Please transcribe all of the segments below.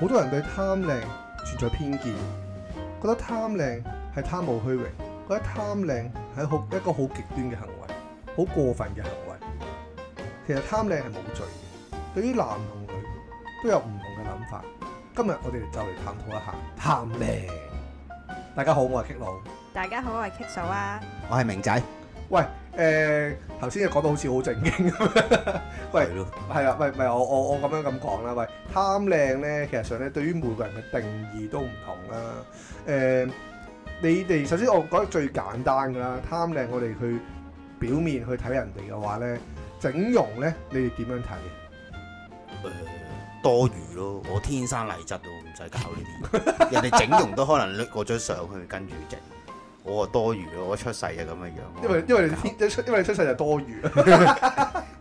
好多人對貪靚存在偏見，覺得貪靚係貪慕虛榮，覺得貪靚係好一個好極端嘅行為，好過分嘅行為。其實貪靚係冇罪嘅，對於男同女都有唔同嘅諗法。今日我哋就嚟探討一下貪靚。貪靚。大家好，我係棘佬。大家好，我係棘嫂啊。我係明仔。喂。誒頭先你講到好似好正經咁 喂是的，喂係啊，喂唔係我我我咁樣咁講啦，喂貪靚咧，其實上咧對於每個人嘅定義都唔同啦、啊。誒、呃、你哋首先我覺得最簡單㗎啦，貪靚我哋去表面去睇人哋嘅話咧，整容咧，你哋點樣睇？誒、呃、多餘咯，我天生麗質咯，唔使搞呢啲。人哋整容都可能攞過張相去跟住整。我啊，多餘咯，我出世就咁嘅樣因，因為你 因為你出，因為你出世就多餘。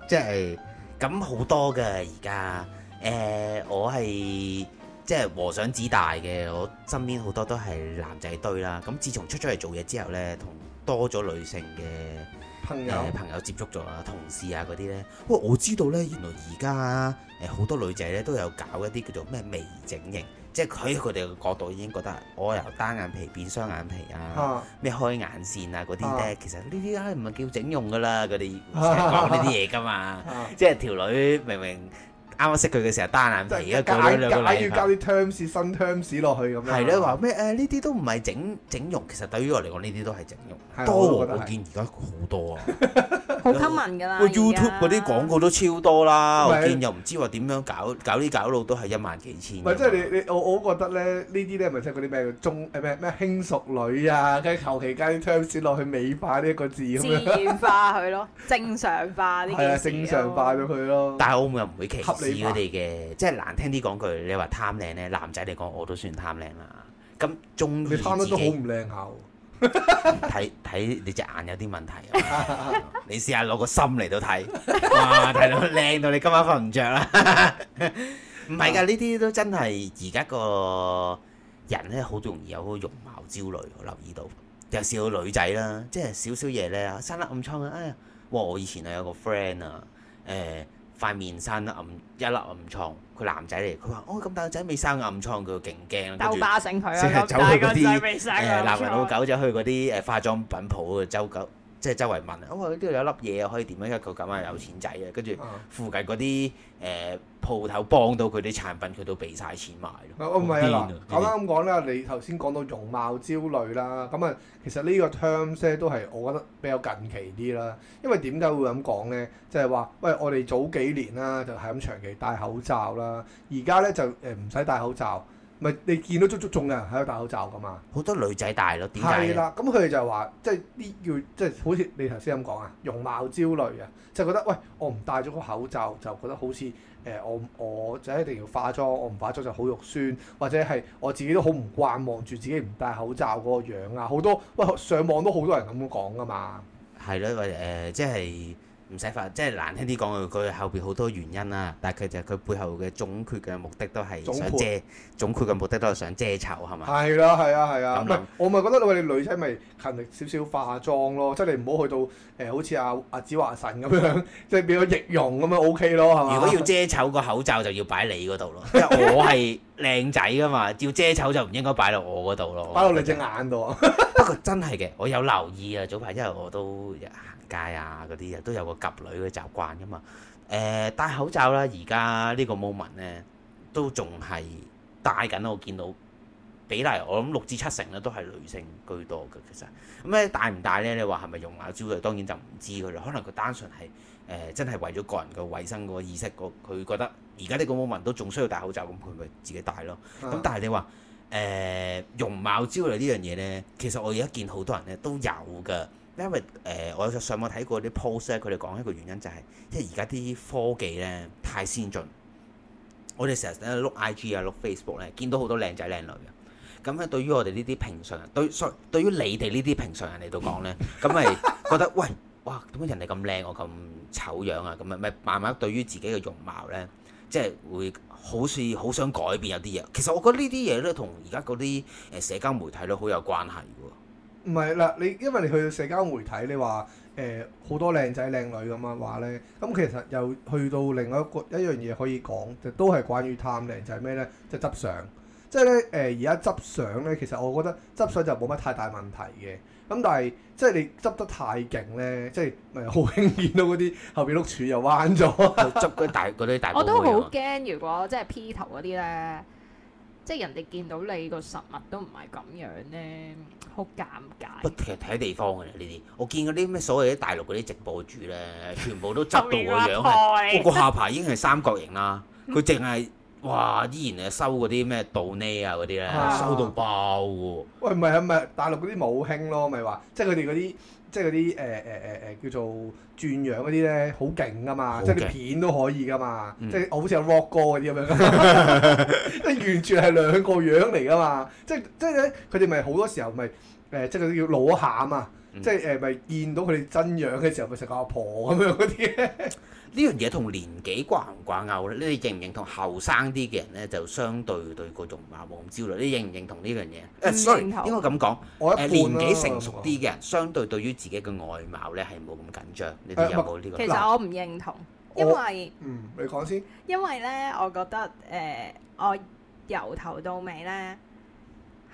即係咁，好多㗎而家，誒、呃、我係即係和尚子大嘅，我身邊好多都係男仔堆啦。咁自從出咗嚟做嘢之後呢，同多咗女性嘅朋友、呃、朋友接觸咗啦，同事啊嗰啲呢，哇、呃、我知道呢，原來而家誒好多女仔呢都有搞一啲叫做咩微整形。即係佢佢哋嘅角度已經覺得，我由單眼皮變雙眼皮啊，咩開眼線啊嗰啲咧，其實呢啲咧唔係叫整容噶啦，佢哋唔講呢啲嘢噶嘛。即係條女明明啱啱識佢嘅時候單眼皮，而家搞咗兩個要交啲 terms 新 terms 落去咁樣。係咧，話咩誒，呢啲都唔係整整容，其實對於我嚟講，呢啲都係整容。多，我見而家好多啊。好 common 㗎啦，YouTube 嗰啲廣告都超多啦，是我見又唔知話點樣搞，搞啲搞到都係一萬幾千。唔係即係你你我我覺得咧，呢啲咧係咪即係嗰啲咩中誒咩咩輕熟女啊？跟住求其加啲 terms 落去美化呢一個字咁樣。自然化佢咯， 正常化呢啲，係啊，正常化咗佢咯。但係我唔會唔會歧視佢哋嘅，化即係難聽啲講句，你話貪靚咧，男仔嚟講我都算貪靚啦。咁中意你貪得都好唔靚口。睇睇你隻眼有啲問題， 你試下攞個心嚟到睇，哇睇到靚到你今晚瞓唔着啦！唔係㗎，呢啲都真係而家個人咧好容易有個容貌焦慮，我留意到有少女仔啦，即係少少嘢咧生得暗瘡啊！哎呀，哇！我以前係有個 friend 啊，誒塊面生得暗一粒暗瘡，佢男仔嚟，佢話：我、哦、咁大個仔未生暗、啊、瘡，佢勁驚，跟住走佢嗰啲男人老狗就去嗰啲化妝品鋪周狗。即係周圍問啊！哇、哦，呢度有一粒嘢可以點樣一個咁啊有錢仔啊！跟住附近嗰啲誒鋪頭幫到佢啲產品，佢都俾晒錢買。唔係啊嗱，我啱啱咁講咧，你頭先講到容貌焦慮啦，咁啊，其實呢個 terms 咧都係我覺得比較近期啲啦。因為點解會咁講咧？即係話喂，我哋早幾年啦，就係咁長期戴口罩啦，而家咧就誒唔使戴口罩。咪你見到足足仲有人喺度戴口罩噶嘛？好多女仔戴咯，點解？係啦，咁佢哋就係話，即係啲叫即係好似你頭先咁講啊，容貌焦慮啊，即係覺得喂，我唔戴咗個口罩就覺得好似誒、呃，我我就一定要化妝，我唔化妝就好肉酸，或者係我自己都好唔慣望住自己唔戴口罩嗰個樣啊！好多喂，上網都好多人咁講噶嘛。係咯，或者誒，即係。唔使煩，即係難聽啲講佢，佢後邊好多原因啦。但係佢就係佢背後嘅總決嘅目的都係想遮，總，副總決嘅目的都係想遮醜，係嘛、嗯？係啦吧，係啊，係啊。啊樣我咪覺得你哋女仔咪勤力少少化下妝咯，即係你唔好去到誒、呃，好似阿阿子華神咁樣，即係變咗易容咁樣 OK 咯，係嘛？如果要遮醜個口罩就要擺你嗰度咯， 因為我係靚仔噶嘛，要遮醜就唔應該擺落我嗰度咯，擺落你隻眼度。 不過真係嘅，我有留意啊，早排因為我都。 街啊，嗰啲啊都有個夾女嘅習慣噶嘛。誒、呃、戴口罩啦，而家呢個 moment 咧都仲係戴緊。我見到比例，我諗六至七成咧都係女性居多嘅。其實咁咧戴唔戴咧，你話係咪容貌焦慮？當然就唔知㗎啦。可能佢單純係誒、呃、真係為咗個人嘅衞生個意識，佢覺得而家呢個 moment 都仲需要戴口罩，咁佢咪自己戴咯。咁、啊、但係你話誒、呃、容貌焦慮呢樣嘢咧，其實我而家見好多人咧都有嘅。因為誒、呃，我上網睇過啲 post 佢哋講一個原因就係、是，即係而家啲科技咧太先進，我哋成日咧 look IG 啊，look Facebook 咧，見到好多靚仔靚女嘅。咁咧，對於我哋呢啲平常人，對，所以對於你哋呢啲平常人嚟到講咧，咁咪覺得，喂，哇，點解人哋咁靚，我咁醜樣啊？咁啊，咪慢慢對於自己嘅容貌咧，即係會好似好想改變有啲嘢。其實我覺得呢啲嘢咧，同而家嗰啲誒社交媒體都好有關係嘅。唔係啦，你因為你去到社交媒體，你、呃、話誒好多靚仔靚女咁嘅話咧，咁其實又去到另外一個一樣嘢可以講，就都係關於貪靚，就係咩咧？就係、執相，即係咧誒，而、呃、家執相咧，其實我覺得執相就冇乜太大問題嘅。咁但係即係你執得太勁咧，即係咪好興見到嗰啲後邊碌柱又彎咗？執嗰啲大啲大。大寶寶我都好驚，如果即係、就係、P 頭嗰啲咧。即係人哋見到你個實物都唔係咁樣咧，好尷尬。不其實睇地方嘅啦呢啲，我見嗰啲咩所謂啲大陸嗰啲直播主咧，全部都執到個樣，個個 下巴已經係三角形啦。佢淨係哇，依然係收嗰啲咩倒呢啊嗰啲咧， 收到爆喎、啊。喂，唔係啊，咪、啊？大陸嗰啲冇興咯，咪話即係佢哋嗰啲即係嗰啲誒誒誒誒叫做。轉樣嗰啲咧，好勁噶 嘛，即係啲片都可以噶嘛，即係好似係 rock 歌嗰啲咁樣，即係完全係兩個樣嚟噶嘛，即係即係咧佢哋咪好多時候咪、就、誒、是呃、即係佢要老一下嘛，嗯、即係誒咪見到佢哋真樣嘅時候咪成個阿婆咁樣嗰啲。嗯 呢樣嘢同年紀掛唔掛鈎咧？你認唔認同後生啲嘅人咧，就相對對個容貌冇咁焦慮？你認唔認同呢樣嘢？誒，唔認同，sorry，應該咁講，誒年紀成熟啲嘅人，相對對於自己嘅外貌咧係冇咁緊張。你哋有冇呢個？其實我唔認同，因為嗯，你講先。因為咧，我覺得誒、呃，我由頭到尾咧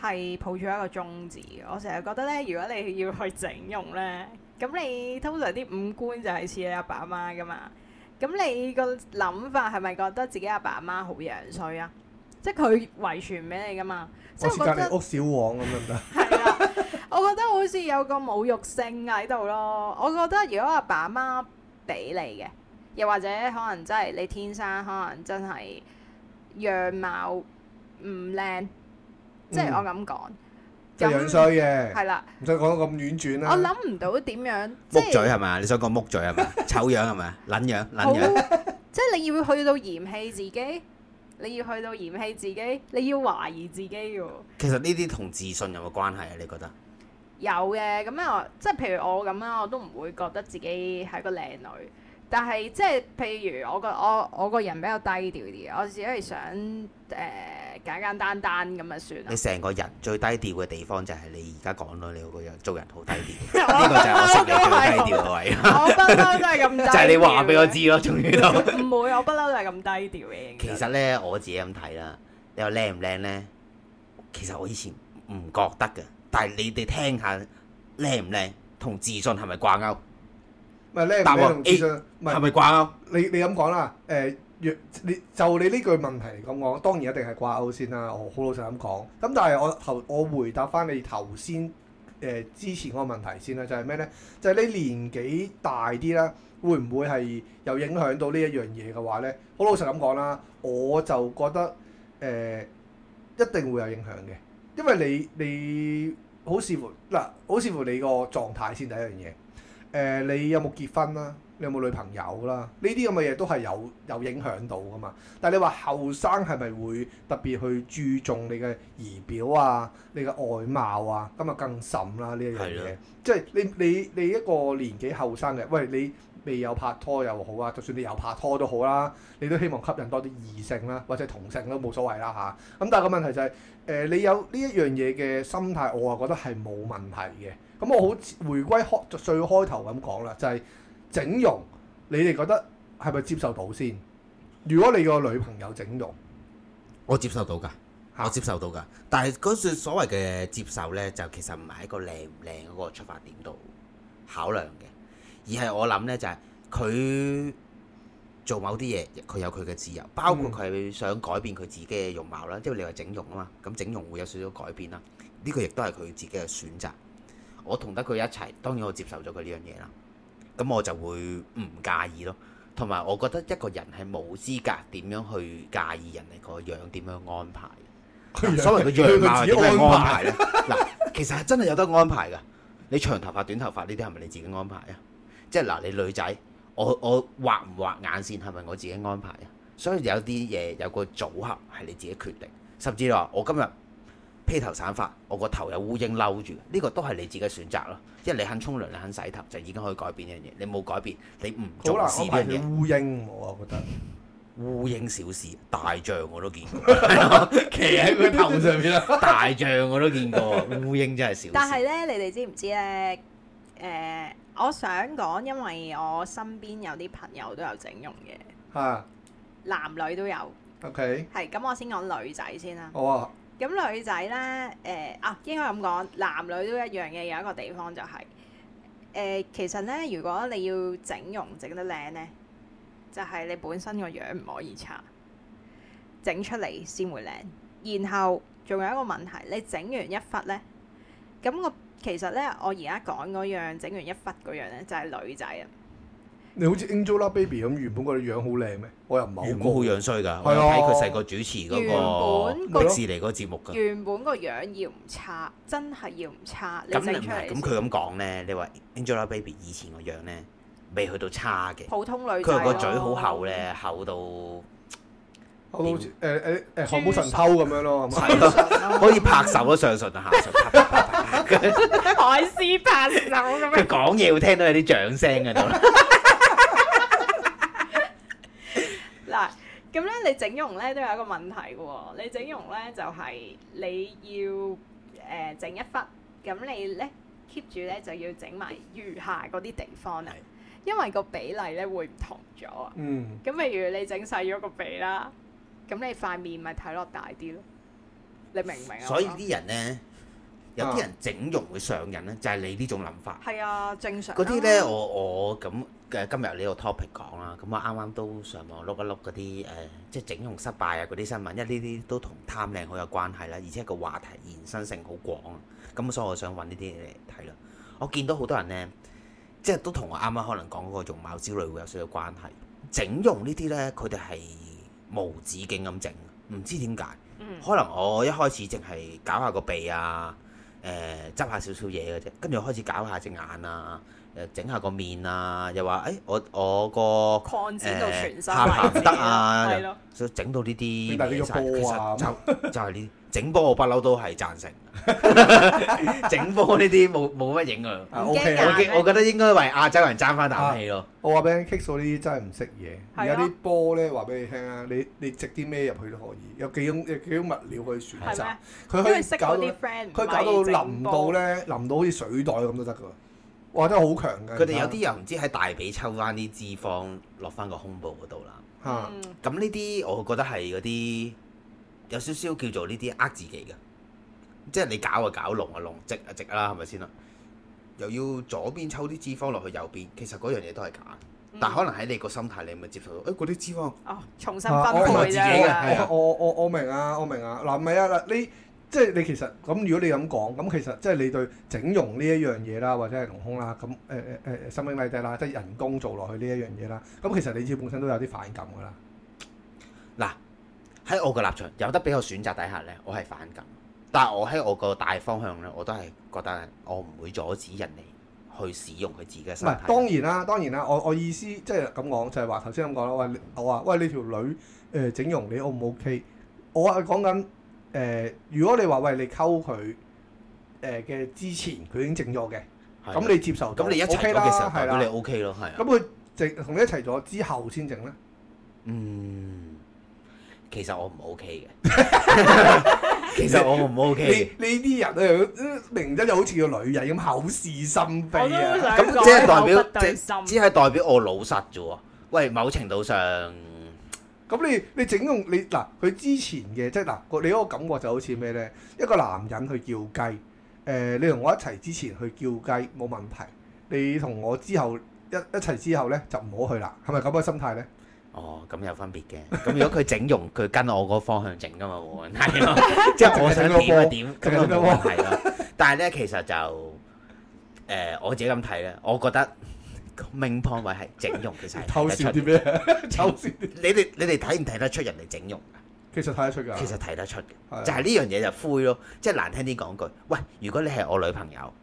係抱住一個宗旨，我成日覺得咧，如果你要去整容咧，咁你通常啲五官就係似你阿爸阿媽噶嘛。咁你個諗法係咪覺得自己阿爸阿媽好樣衰啊？即係佢遺傳俾你噶嘛？即係覺得屋小王咁樣？係啦，我覺得好似有個侮辱性喺度咯。我覺得如果阿爸阿媽俾你嘅，又或者可能真係你天生可能真係樣貌唔靚，嗯、即係我咁講。個樣衰嘅，係啦了，唔使講到咁婉轉啦。我諗唔到點樣，木、就是、嘴係咪？你想講木嘴係咪？醜 樣係咪？撚樣，撚樣，即係你要去到嫌棄自己，你要去到嫌棄自己，你要懷疑自己喎。其實呢啲同自信有冇關係啊？你覺得？有嘅，咁樣，即係譬如我咁樣，我都唔會覺得自己係個靚女。但係即係，譬如我個我我個人比較低調啲嘅，我只係想誒、呃、簡簡單單咁啊算啦。你成個人最低調嘅地方就係你而家講咯，你個樣做人好低調，呢 我 個就係我成日最低調嘅 我 位。我不嬲都係咁低調， 就係你話俾我知咯， 終於都唔會。我不嬲都係咁低調嘅。其實咧，我自己咁睇啦，你話靚唔靚咧？其實我以前唔覺得㗎，但係你哋聽下靚唔靚同自信係咪掛鈎？唔係咧，你同諮詢，係咪掛鈎？你、呃、你咁講啦，誒若你就你呢句問題嚟咁講，當然一定係掛鈎先啦。我好老實咁講。咁但係我頭我回答翻你頭先誒之前個問題先啦，就係咩咧？就係、是、你年紀大啲啦，會唔會係有影響到呢一樣嘢嘅話咧？好老實咁講啦，我就覺得誒、呃、一定會有影響嘅，因為你你好視乎嗱、呃，好視乎你個狀態先第一樣嘢。誒、呃，你有冇結婚啦？你有冇女朋友啦？呢啲咁嘅嘢都係有有影響到噶嘛。但係你話後生係咪會特別去注重你嘅儀表啊、你嘅外貌啊？咁啊更甚啦呢一樣嘢。是啊、即係你你你一個年紀後生嘅，喂你未有拍拖又好啊，就算你有拍拖都好啦，你都希望吸引多啲異性啦、啊，或者同性都冇所謂啦、啊、吓，咁、啊、但係個問題就係、是，誒、呃、你有呢一樣嘢嘅心態，我啊覺得係冇問題嘅。咁我好回歸開最開頭咁講啦，就係整容，你哋覺得係咪接受到先？如果你個女朋友整容，我接受到㗎，我接受到㗎。但係嗰算所謂嘅接受呢，就其實唔係一個靚唔靚嗰個出發點度考量嘅，而係我諗呢，就係佢做某啲嘢，佢有佢嘅自由，包括佢想改變佢自己嘅容貌啦。即係你話整容啊嘛，咁整容會有少少改變啦。呢個亦都係佢自己嘅選擇。我同得佢一齊，當然我接受咗佢呢樣嘢啦。咁我就會唔介意咯。同埋我覺得一個人係冇資格點樣去介意人哋個樣點樣安排。人所謂個樣貌係人點樣安排咧？嗱， 其實係真係有得安排噶。你長頭髮、短頭髮呢啲係咪你自己安排啊？即係嗱，你女仔，我我畫唔畫眼線係咪我自己安排啊？所以有啲嘢有個組合係你自己決定，甚至話我今日，披頭散髮，我個頭有烏蠅嬲住，呢、呢個都係你自己選擇咯。即係你肯沖涼，你肯洗頭，就已經可以改變一樣嘢。你冇改變，你唔好。是烏蠅，我啊覺得烏蠅小事，大象我都見過，企喺佢頭上面啦。 大象我都見過，烏蠅真係小事。但係呢，你哋知唔知呢？誒、呃，我想講，因為我身邊有啲朋友都有整容嘅，吓哈男女都有。O K，係咁，我先講女仔先啦。好啊。咁女仔呢，誒、呃、啊應該咁講，男女都一樣嘅有一個地方就係，誒，其實呢，如果你要整容整得靚呢，就係你本身個樣唔可以差，整出嚟先會靚。然後仲有一個問題，你整完一忽呢，咁我其實呢，我而家講嗰樣，整完一忽嗰樣呢，就係女仔啊。你好似 Angelababy 咁，原本個樣好靚咩？我又唔係。原本好樣衰噶，我有睇佢細個主持嗰個迪士尼嗰個節目噶。原本個樣要唔差，真係要唔差。咁唔係，咁佢咁講咧，你話 Angelababy 以前個樣咧，未去到差嘅。普通女，佢個嘴好厚咧，厚到，好似誒誒誒，漢堡神偷咁樣咯，可以拍手咯，上唇就下唇，海獅拍手咁樣。佢講嘢會聽到有啲掌聲喺度。嗱，咁咧你整容咧都有一個問題喎，你整容咧就係、是、你要誒、呃、整一忽，咁你咧 keep 住咧就要整埋餘下嗰啲地方啦，因為個比例咧會唔同咗啊。嗯，咁譬如你整細咗個鼻啦，咁你塊面咪睇落大啲咯，你明唔明啊？所以啲人咧，嗯、有啲人整容會上癮咧，就係你呢種諗法。係啊，正常。嗰啲咧，我我咁。我今日呢個 topic 講啦，咁我啱啱都上網碌一碌嗰啲誒，即、呃、係整容失敗啊嗰啲新聞，因為呢啲都同貪靚好有關係啦，而且個話題延伸性好廣。咁所以我想揾呢啲嚟睇啦。我見到好多人呢，即係都同我啱啱可能講嗰個容貌焦慮會有少少關係，整容呢啲呢，佢哋係無止境咁整，唔知點解，嗯、可能我一開始淨係搞下個鼻啊，誒、呃、執下少少嘢嘅啫，跟住開始搞下隻眼啊。誒，整下個面啊，又話誒，我我個誒下盤唔得啊，想整到呢啲，其實就係呢整波，我不嬲都係贊成。整波呢啲冇冇乜影響。我我我覺得應該為亞洲人爭翻啖氣咯。我話俾你聽 Kick 嫂呢啲真係唔識嘢。而家啲波咧，話俾你聽啊，你你植啲咩入去都可以，有幾種幾種物料可以選擇。佢可以搞到佢搞到淋到咧，淋到好似水袋咁都得噶。話真係好強嘅，佢哋有啲又唔知喺大髀抽翻啲脂肪落翻個胸部嗰度啦。嚇，咁呢啲我覺得係嗰啲有少少叫做呢啲呃自己嘅，即係你搞就搞隆啊隆，直啊直啦，係咪先啦？又要左邊抽啲脂肪落去右邊，其實嗰樣嘢都係假，嗯、但可能喺你個心態你咪接受到，誒嗰啲脂肪哦重新分配啫。我我我明啊，我明，我明，我明啊，嗱唔係啊啦、啊、你。你即係你其實咁，如果你咁講，咁其實即係你對整容呢一樣嘢啦，或者係隆胸啦，咁誒誒誒，心胸拉低啦，即係人工做落去呢一樣嘢啦，咁其實你自己本身都有啲反感㗎啦。嗱，喺我個立場，有得俾我選擇底下咧，我係反感。但係我喺我個大方向咧，我都係覺得我唔會阻止人哋去使用佢自己嘅身體。當然啦，當然啦，我我意思即係咁講就係話頭先咁講啦，我話喂，你條女誒、呃、整容你，你 O 唔 O K？我係講緊。誒、呃，如果你話喂你溝佢誒嘅之前佢已經整咗嘅，咁的你接受，咁你一齊嘅時候，咁你 OK 咯，係的。咁佢整同你一齊咗之後先整啦。嗯，其實我唔 OK 嘅，其實我唔 OK。你呢啲人咧、啊，明真就好似個女人咁口是心非啊。咁即係代表，即只係代表我老實啫喎。喂，某程度上。咁你你整容你嗱佢，啊、之前嘅即係嗱，你，啊、嗰個感覺就好似咩呢？一個男人去叫雞，誒、呃，你同我一齊之前去叫雞冇問題。你同我之後一一齊之後呢，就唔好去啦，係咪咁嘅心態呢？哦，咁有分別嘅。咁如果佢整容，佢 跟我個方向整㗎嘛，冇問題即係我想點就點，咁都冇問題咯。但係呢，其實就誒、呃、我自己咁睇咧，我覺得。名胖位係整容，其實係偷笑啲咩？偷笑，你哋你哋睇唔睇得出人哋整容？其實睇得出㗎，其實睇得出嘅是的 就係呢樣嘢就灰咯，即係難聽啲講句，喂，如果你係我女朋友，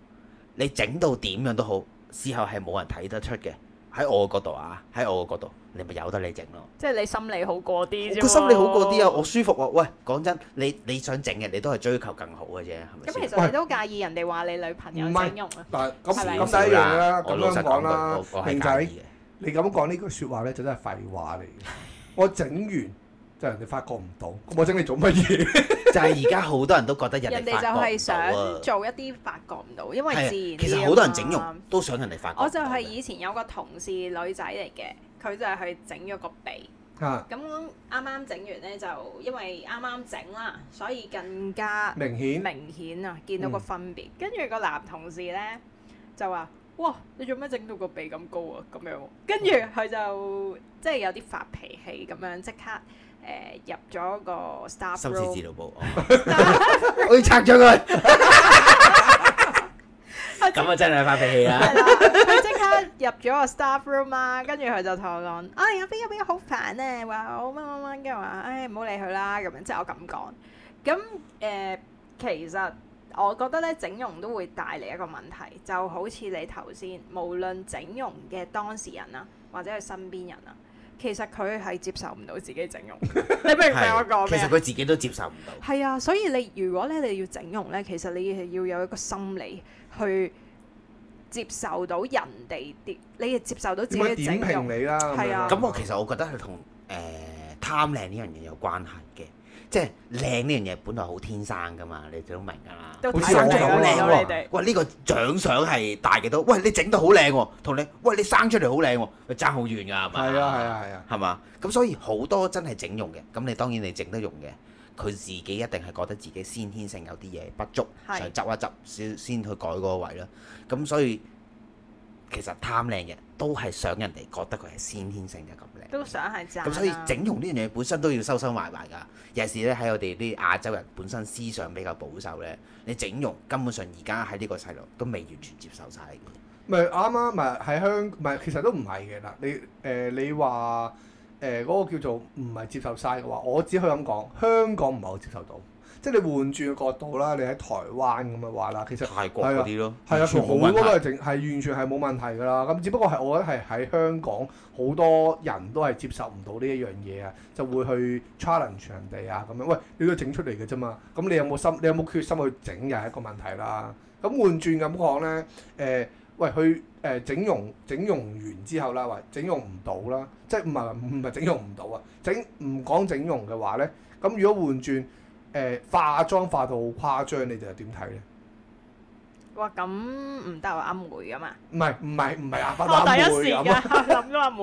你整到點樣都好，事後係冇人睇得出嘅。喺我個角度啊，喺我個角度，你咪由得你整咯。即係你心理好過啲。我個心理好過啲啊，我舒服啊。喂，講真，你你想整嘅，你都係追求更好嘅啫，係咪？咁其實你都介意人哋話你女朋友整容啊？但係咁咁第一樣啦，我老實講啦，我係介意嘅。你咁講呢句説話咧，就真係廢話嚟嘅。我整完。就人哋發覺唔到，我整你做乜嘢？ 就係而家好多人都覺得人，人哋就係想做一啲發覺唔到，因為自然、啊、其實好多人整容都想人哋發覺。我就係以前有個同事女仔嚟嘅，佢就係去整咗個鼻。咁啱啱整完呢，就因為啱啱整啦，所以更加明顯明顯啊！見到個分別。嗯、跟住個男同事呢，就話：哇！你做乜整到個鼻咁高啊？咁樣。跟住佢就即係、就是、有啲發脾氣咁樣，即刻。誒，入咗個 staff room，我要拆咗佢，咁啊真係發脾氣啦！佢即刻入咗個 staff room 啊，跟住佢就同我講：啊，邊個邊個好煩咧，話我乜乜乜，跟住話：唉，唔好理佢啦。咁樣即係我咁講。咁，誒，其實我覺得咧，整容都會帶嚟一個問題，就好似你頭先，無論整容嘅當事人啊，或者佢身邊人啊。其實佢係接受唔到自己整容， 你明唔明我講咩？ 其實佢自己都接受唔到。係啊，所以你如果咧你，你要整容咧，其實你係要有一個心理去接受到人哋啲，你係接受到自己整容你啦。係 啊，咁 我其實我覺得係同誒貪靚呢樣嘢有關係嘅。即係靚呢樣嘢，本來好天生噶嘛，你哋都明噶啦。生出嚟好靚喎，喂呢、哎呢個長相係大嘅，都喂你整到好靚喎，同你喂你生出嚟好靚喎，爭好遠噶係嘛？係啊係啊係啊，係嘛、啊？咁、啊、所以好多真係整容嘅，咁你當然你整得容嘅，佢自己一定係覺得自己先天性有啲嘢不足，是想執一執先先去改嗰個位啦。咁所以其實貪靚嘅都係想人哋覺得佢係先天性嘅咁。都想係咁，所以整容呢樣嘢，本身都要收收埋埋㗎。有時咧，喺我哋啲亞洲人本身思想比較保守咧，你整容根本上而家喺呢個世代都未完全接受晒，嗯。唔係啱啱，唔係喺香港，啊，其實都唔係嘅啦。你誒你話誒嗰個叫做唔係接受晒嘅話，我只可以咁講，香港唔係我接受到。即係你換轉個角度啦，你喺台灣咁啊話咁嘅話啦，其實泰國嗰啲咯，係啊，完全冇係整係完全係冇問題噶啦。咁只不過係我覺得係喺香港好多人都係接受唔到呢一樣嘢啊，就會去 challenge 人哋啊咁樣。喂，你都整出嚟嘅啫嘛。咁你有冇心？你有冇決心去整又係一個問題啦。咁換轉咁講咧，誒、呃、喂，去誒、呃、整容，整容完之後啦，喂整容唔到啦，即係唔係唔係整容唔到啊？整唔講整容嘅話咧，咁如果換轉。誒、呃，化妝化到好誇張，你哋又點睇咧？哇，咁唔得啊，樣阿梅啊嘛？唔係唔係唔係阿阿梅，我第一時間諗諗咗阿梅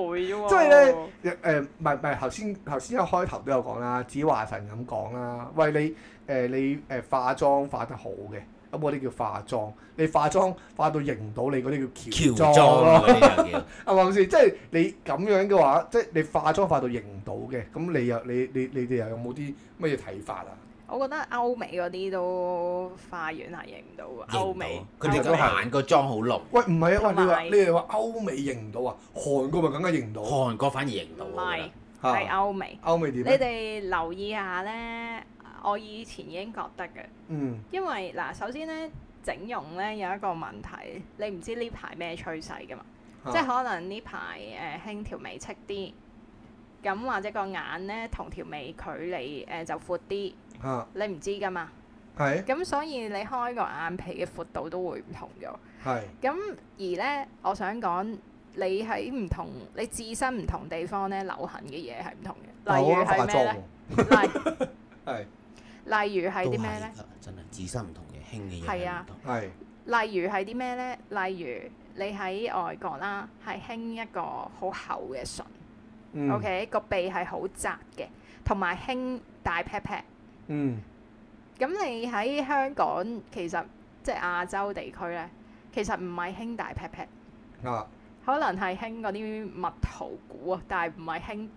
即係咧，誒、呃，唔係唔係，頭先頭先一開頭都有講啦，子華神咁講啦，喂你誒、呃、你誒、呃、化妝化得好嘅，咁嗰啲叫化妝，你化妝化到認唔到，你嗰啲叫喬裝咯。阿黃師，即係、 就是、你咁樣嘅話，即係你化妝化到認唔到嘅，咁你又你你你哋又有冇啲乜嘢睇法啊？我覺得歐美嗰啲都化完係認唔到，歐美佢哋都韓國妝好濃。喂，唔係啊，你話你哋話歐美認唔到啊？韓國咪更加認唔到，韓國反而認唔到。唔係係歐美，歐美點？你哋留意下咧，我以前已經覺得嘅，嗯，因為嗱，首先咧，整容咧有一個問題，你唔知呢排咩趨勢噶嘛，啊、即係可能呢排誒興條眉戚啲。啊。咁或者個眼咧同條眉距離誒就闊啲，啊、你唔知噶嘛。係是。咁所以你開個眼皮嘅闊度都會唔同咗。係是。咁而咧，我想講你喺唔同你自身唔同地方咧流行嘅嘢係唔同嘅。例如係咩咧？例係。例如係啲咩咧？真係自身唔同嘅興嘅嘢係唔同。例如係啲咩咧？例如你喺外國啦，係興一個好厚嘅唇。OK，個鼻係好窄嘅，同埋興大 pat pat。嗯，咁你喺香港其實即係亞洲地區咧，其實唔係興大 pat pat。啊，可能係興嗰啲蜜桃股啊，但係唔係興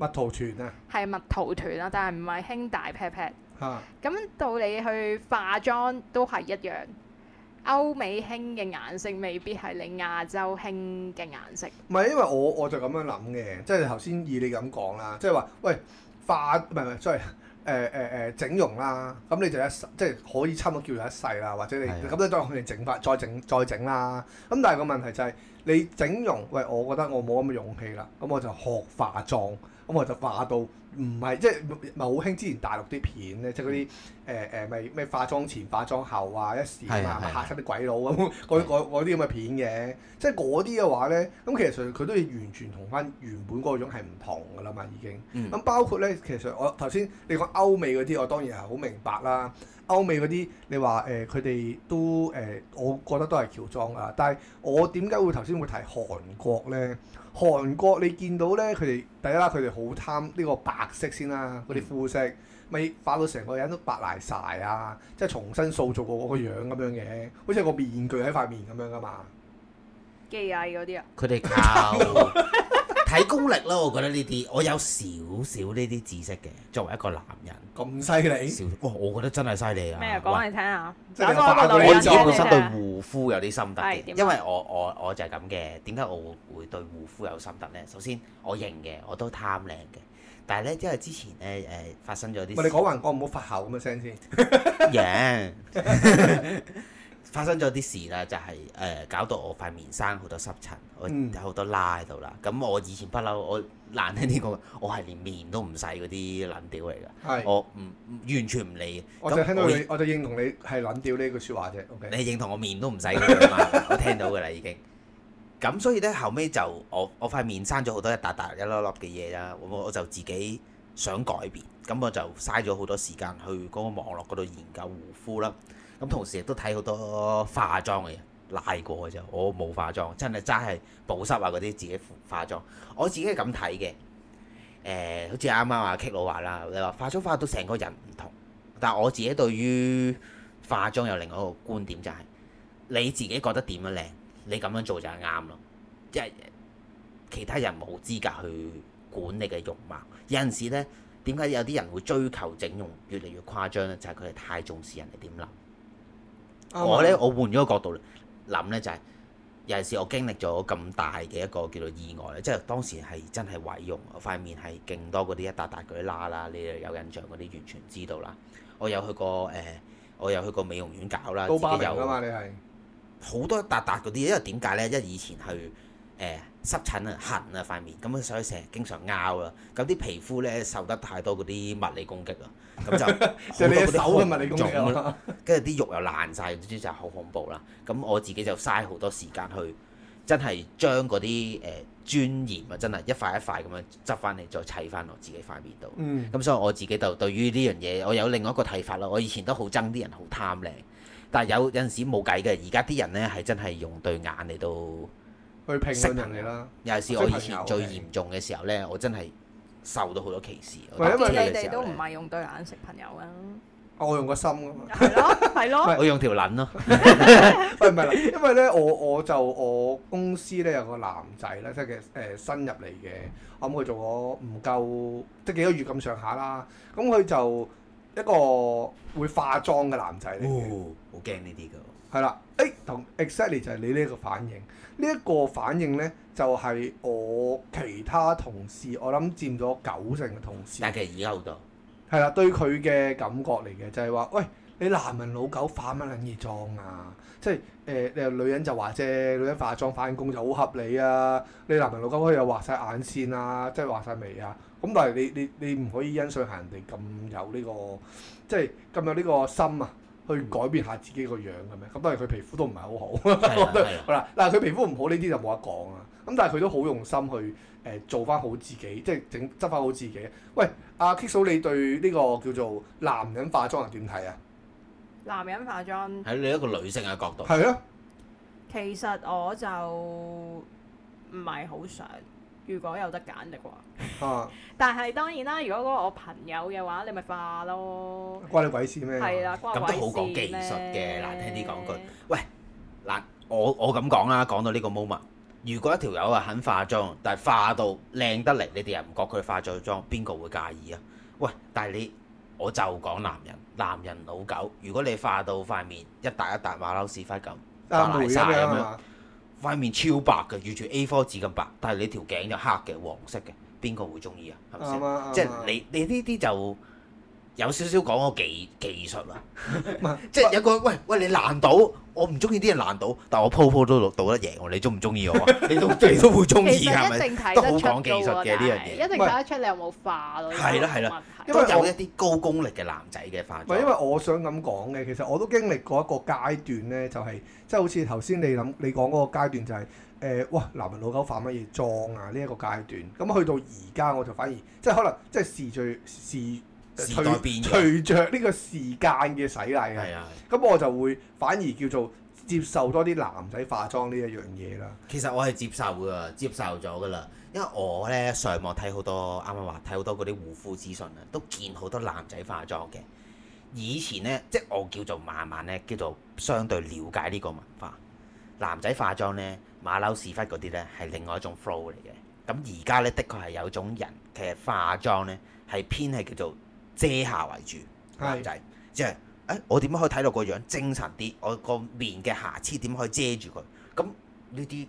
蜜桃團啊，係蜜桃團啊，但係唔係興大 pat pat。啊，咁到你去化妝都係一樣。歐美興嘅顏色未必係你亞洲興嘅顏色。唔係，因為我我就咁樣諗嘅，即係頭先以你咁講啦，即係話，喂化唔係唔係，sorry，誒誒誒整容啦，咁你就一即係可以差唔多叫做一世啦，或者你咁的你都佢哋整法，再整再整啦。咁但係個問題就係、是，你整容，喂，我覺得我冇咁嘅勇氣啦，咁我就學化妝。咁我就化到唔係即係唔係好興之前大陸啲片咧，嗯、即係嗰啲誒誒，咪、呃、咩、呃、化妝前化妝後啊一時啊，的嚇親啲鬼佬咁嗰啲咁嘅片嘅，即係嗰啲嘅話咧，咁其實佢都要完全同翻原本嗰種係唔同㗎啦嘛已經。咁、嗯、包括咧，其實我頭先你講歐美嗰啲，我當然係好明白啦。歐美嗰啲你話誒，佢、呃、哋都誒、呃，我覺得都係喬裝啊。但係我點解會頭先會提韓國咧？韓國你見到咧，佢哋第一啦，佢哋好貪呢個白色先啦，嗰啲膚色咪化到成個人都白晒啊！即係重新塑造過個樣咁樣嘅，好似個面具喺塊面咁樣噶嘛，技藝嗰啲啊，佢哋靠。睇功力咯，我覺得呢啲，我有少少呢啲知識嘅。作為一個男人，咁犀利，哇！我覺得真係犀利啊！咩啊？講嚟聽下。喂即係我我自己本身對護膚有啲心得，因為我我我就係咁嘅。點解我會對護膚有心得呢？首先，我型嘅，我都貪靚嘅。但係呢，因為之前咧誒、呃、發生咗啲事，唔係你講話，講唔好發姣咁嘅聲先。贏。發生咗啲事啦，就係、是、誒、呃、搞到我塊面生好多濕疹，嗯、我有好多拉喺度啦。咁我以前不嬲，我難聽啲、這、講、個，我係連面都唔使嗰啲撚掉嚟噶。是 我唔完全唔理。我就聽到你，我，我就認同你係撚掉呢句説話啫。Okay? 你認同我面都唔使嘅嘛？ 我聽到嘅啦，已經。咁所以咧，後尾就我我塊面生咗好多一笪笪、一粒粒嘅嘢啦。我我就自己想改變，咁我就嘥咗好多時間去嗰個網絡嗰度研究護膚啦。咁同時亦都睇好多化妝嘅人，拉過嘅啫。我冇化妝，真係齋係保濕啊嗰啲自己化妝。我自己係咁睇嘅，誒、欸，好似啱啱阿 K 佬話啦，你話化妝化到成個人唔同。但係我自己對於化妝有另外一個觀點，就是，就係你自己覺得點樣靚，你咁樣做就係啱咯。即係其他人冇資格去管你嘅容貌。有陣時呢，點解有啲人會追求整容越嚟越誇張呢？就係佢哋太重視人哋點諗。我咧，我換咗個角度諗咧，就係有陣時我經歷咗咁大嘅一個叫做意外咧，即係當時係真係毀容，塊面係勁多嗰啲一笪笪嗰啲啦啦，你哋有印象嗰啲完全知道啦。我有去過誒、呃，我有去過美容院搞啦，高扒人噶嘛，你係好多一笪笪嗰啲，因為點解咧？因為以前去。誒、呃、濕疹啊痕啊塊面咁啊，所以成日經常拗啦，咁啲皮膚咧受得太多嗰啲物理攻擊啊，咁就好多手啲物理攻擊啊，跟住啲肉又爛晒，總之就係好恐怖啦。咁我自己就嘥好多時間去真將、呃，真係將嗰啲誒尊嚴啊，真係一塊一塊咁樣執翻嚟再砌翻落自己塊面度。嗯，咁、嗯、所以我自己就對於呢樣嘢，我有另外一個睇法咯。我以前都好憎啲人好貪靚，但係有陣時冇計嘅。而家啲人咧係真係用對眼嚟到。去拼識人哋啦！尤其是我以前最嚴重嘅時候咧，我真係受到好多歧視。因為你哋都唔係用對眼識朋友啊！我用個心啊嘛，係咯， 係咯。是我用條撚咯。喂，唔係，因為咧，我我就我公司咧有個男仔咧，即係誒、呃、新入嚟嘅，咁佢、嗯、做我唔夠即係幾個月咁上下啦。咁佢就一個會化妝嘅男仔嚟嘅，好驚呢啲噶。係啦，誒同 exactly 就係你呢一個反應，呢、這、一個反應咧就係、是、我其他同事，我諗佔咗九成嘅同事。但其實而家好多係啦，對佢嘅感覺嚟嘅就係、是、話，喂，你男人老狗化乜撚嘢妝啊？即係誒、呃，你女人就話啫，女人化妝翻工就好合理啊。你男人老狗可以又畫晒眼線啊，即係畫晒眉啊。咁但係你你你唔可以欣賞下人哋咁有呢、這個，即係咁有呢個心啊！去改變下自己個樣咁咩？咁當然佢皮膚都唔係好好啦。嗱，佢皮膚唔好呢啲就冇得講啦。咁但係佢都好用心去誒、呃、做翻好自己，即係整執翻好自己。喂，阿、啊、Kisso 你對呢個叫做男人化妝係點睇啊？男人化妝喺你一個女性嘅角度係咯。啊、其實我就唔係好想。如果有得揀嘅話，啊、但係當然啦，如果嗰個我朋友嘅話，你咪化咯。關你鬼事咩？係啦，咁都好講技術嘅，難聽啲講句。喂，嗱，我我咁講啦，講到呢個 moment，如果一條友啊肯化妝，但係化到靚得嚟，你哋又唔覺佢化咗妝，邊個會介意啊？喂，但係你我就講男人，男人老狗，如果你化到塊面一笪一笪馬騮屎忽咁，化曬咁樣。啊塊面超白嘅，如住 A4 紙咁白，但係你條頸就黑嘅，黃色嘅，邊個會鍾意啊？係咪先？即係你你呢啲就。有少少講個技技術啦， 即係有個喂喂你難倒，我唔中意啲人難倒，但我鋪鋪都到得贏喎。你中唔中意我？你都你都會中意係咪？都好講技術嘅呢樣嘢，是一定睇得出你有冇化咯。係啦係啦，因都有一啲高功力嘅男仔嘅化。唔係因為我想咁講嘅，其實我都經歷過一個階段咧，就係、是就是、即係好似頭先你諗你講嗰個階段就係、是、誒，哇、呃、男人老狗化乜嘢妝啊呢一、這個階段。咁去到而家我就反而即係、就是、可能、就是就是就是、即係時序隨隨着呢個時間嘅洗禮係啊，咁的我就會反而叫做接受多啲男仔化妝呢一樣嘢啦。其實我係接受噶，接受咗噶啦。因為我呢上網睇好多，啱啱話睇好多嗰啲護膚資訊啊，都見好多男仔化妝嘅。以前呢，即係我叫做慢慢呢，叫做相對了解呢個文化。男仔化妝呢，馬騮屎忽嗰啲呢，係另外一種 flow 嚟嘅。咁而家呢，的確係有種人其實化妝呢，係偏係叫做，遮瑕為主，男仔即係，誒、欸、我點樣可以睇到個樣精神啲？我個面嘅瑕疵點可以遮住佢？咁呢啲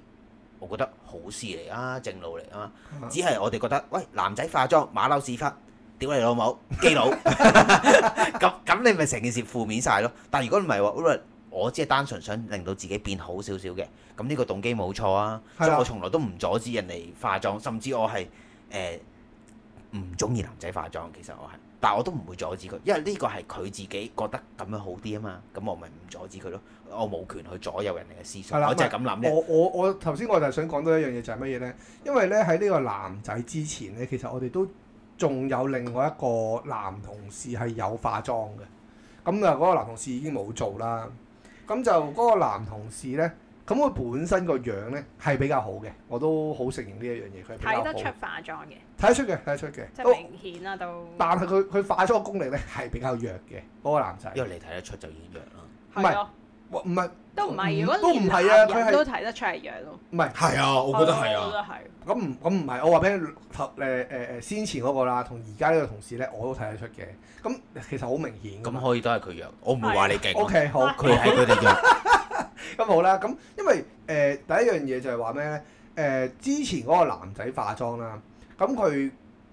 我覺得好事嚟啊，正路嚟啊，只係我哋覺得，喂，男仔化妝馬騮屎忽，屌你老母基佬，咁咁你咪成件事負面晒咯。但如果唔係話，我只係單純想令到自己變好少少嘅，咁呢個動機冇錯啊。所以我從來都唔阻止人哋化妝，是的 甚至我係誒唔中意男仔化妝，其實我係。但我都唔會阻止佢，因為呢個係佢自己覺得咁樣好啲啊嘛，咁我咪唔阻止佢咯。我冇權去左右人哋嘅思想，我就係咁諗。我我我頭先我就想講到一樣嘢，就係乜嘢呢？因為呢，喺呢個男仔之前呢，其實我哋都仲有另外一個男同事係有化妝嘅。咁啊嗰個男同事已經冇做啦。咁就嗰個男同事呢。咁佢本身個樣咧係比較好嘅，我都好承認呢一樣嘢，佢比較好。睇得出化妝嘅。睇得出嘅，睇得出嘅。即係明顯啦，都。但係佢佢化妝嘅功力咧係比較弱嘅，嗰個男仔。因為你睇得出就已經弱啦。唔係，唔係都唔係，如果都唔係啊，佢係都睇得出係弱咯。唔係，係啊，我覺得係啊，我都係。咁唔咁唔係，我話俾你，誒誒誒，先前嗰個啦，同而家呢個同事咧，我都睇得出嘅。咁其實好明顯。咁可以都係佢弱，我唔會話你勁。O K，好，佢係佢哋弱。咁好啦，咁因為誒、呃、第一樣嘢就係話咩咧？誒、呃、之前嗰個男仔化妝啦，咁佢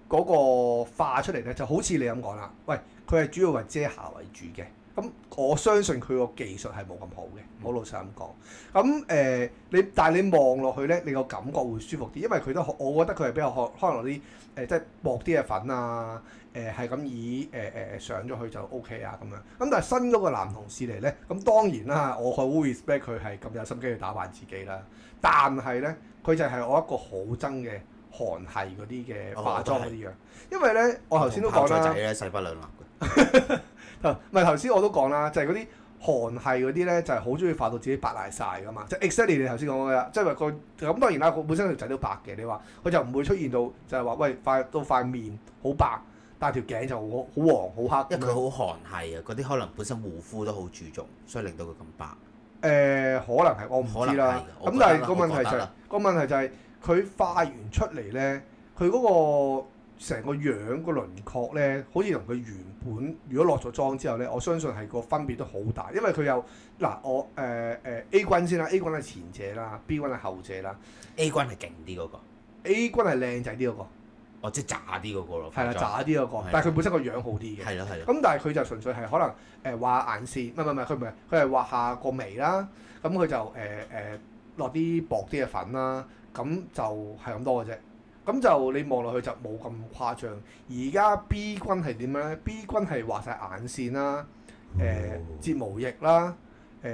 嗰個化出嚟咧就好似你咁講啦，喂，佢係主要係遮瑕為主嘅。咁我相信佢個技術係冇咁好嘅，好、嗯、老實咁講。咁誒、呃，你但係你望落去咧，你個感覺會舒服啲，因為佢都我覺得佢係比較學，可能啲誒即係薄啲嘅粉啊，誒係咁以誒誒、呃、上咗去就 OK 啊咁樣。咁但係新嗰個男同事嚟咧，咁當然啦，我好 respect 佢係咁有心機去打扮自己啦。但係咧，佢就係我一個好憎嘅韓系嗰啲嘅化妝嗰啲樣，因為咧我頭先都講啦，炮仔咧勢不兩立。 唔係頭先我都講啦，就係嗰啲韓系嗰啲咧，就係好中意化到自己白賴晒嘅嘛。即係 exactly 你頭先講嘅啦，即係話佢咁當然啦，佢本身條仔都白嘅。你話佢就唔會出現到就係話，喂，化到塊面好白，但係條頸就好黃好黑。因為佢好韓系啊，嗰啲可能本身護膚都好注重，所以令到佢咁白。誒、呃，可能係，我唔知啦。咁但係個問題就係、是、個問題就係、是、佢、就是、化完出嚟咧，佢嗰、那個。成個樣個輪廓咧，好似同佢原本如果落咗妝之後咧，我相信係個分別都好大，因為佢有嗱我誒誒、呃、A 君先啦，A 君係前者啦，B 君係後者啦，A 君係勁啲嗰個，A 君係靚仔啲嗰個，哦即係渣啲嗰個咯，係啦渣啲嗰個，但係佢本身個樣好啲嘅，係咁但係佢就純粹係可能誒畫眼線，唔唔唔，佢唔係佢係畫下個眉啦，咁佢就誒誒落啲薄啲嘅粉啦，咁就係咁多嘅啫。咁就你望落去就冇咁誇張。而家 B 君係點樣咧？B 君係畫晒眼線啦、啊，誒睫毛液啦、啊，誒、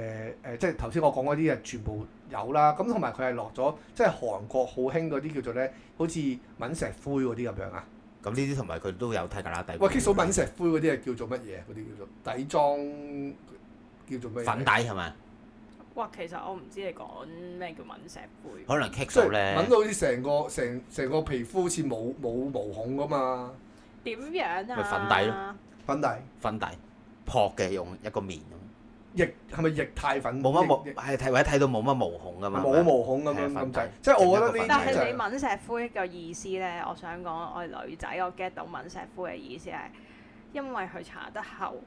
呃、誒即係頭先我講嗰啲嘢全部有啦。咁同埋佢係落咗，即係韓國好興嗰啲叫做咧，好似敏石灰嗰啲咁樣啊。咁呢啲同埋佢都有睇格乸底。哇、哎！基、就、礎、是、敏石灰嗰啲係叫做乜嘢？嗰啲叫做底妝叫做咩？粉底係咪？哇，其實我唔知你講咩叫敏石灰，可能棘手咧。敏到好似成個成成個皮膚好似冇冇毛孔㗎嘛？點樣啊？粉底咯，粉底粉底撲嘅底用一個面咁。液係咪液態粉？冇乜毛，係睇液或者睇到冇乜毛孔㗎嘛？冇毛孔咁樣粉底，即係我覺得呢。但係你敏石灰嘅意思咧，我想講我係女仔，我 get 到敏石灰嘅意思係因為佢搽得厚，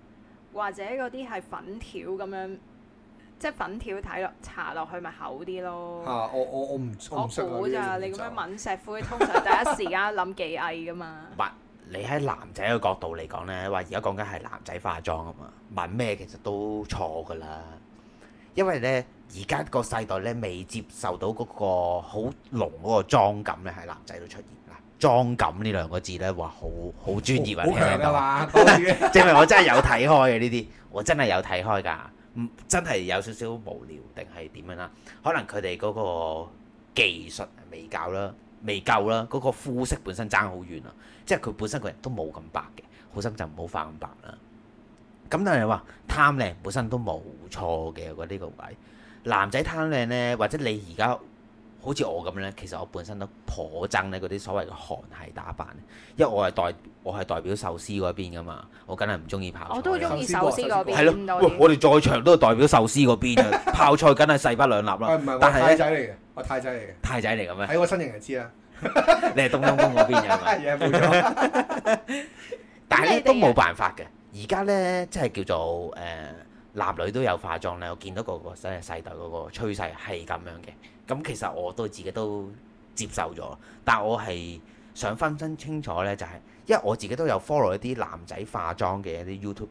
或者嗰啲係粉條咁樣。即粉條，睇落搽落去咪厚啲咯。嚇、啊！我我我唔我估咋？你咁樣抿石灰， 通常第一時間諗技藝噶嘛？話你喺男仔嘅角度嚟講咧，話而家講緊係男仔化妝啊嘛，問咩其實都錯噶啦。因為咧，而家個世代咧未接受到嗰個好濃嗰個妝感咧，喺男仔都出現啊！妝感呢兩個字咧，話好好專業啊，很聽得到。 證明我真係有睇開嘅呢啲，我真係有睇開㗎。真係有少少無聊定係點樣啦？可能佢哋嗰個技術未教啦，未夠啦，嗰個膚色本身爭好遠啊！即係佢本身個人都冇咁白嘅，好心就唔好化咁白啦。咁但係話貪靚本身都冇錯嘅呢個位，男仔貪靚呢，或者你而家。好似我咁咧，其實我本身都頗憎咧嗰啲所謂嘅韓系打扮，因為我係代我係代表壽司嗰邊噶嘛，我梗係唔中意泡菜。我都中意壽司嗰邊。係咯了，我哋在場都係代表壽司嗰邊，泡 菜梗係勢不兩立啦。唔係、啊，我泰仔嚟嘅。我泰仔嚟嘅。泰仔嚟嘅咩？睇我身形就知啦。 你係東東東嗰邊嘅嘛？係啊 呢，冇錯。但係咧都冇辦法嘅。而家咧即係叫做誒、呃，男女都有化妝咧。我見到個個真係世代嗰個趨勢係咁樣嘅。咁其實我都自己都接受咗，但我係想分分清楚呢、就係。就係因為我自己都有 follow 一啲男仔化妝嘅啲 YouTuber，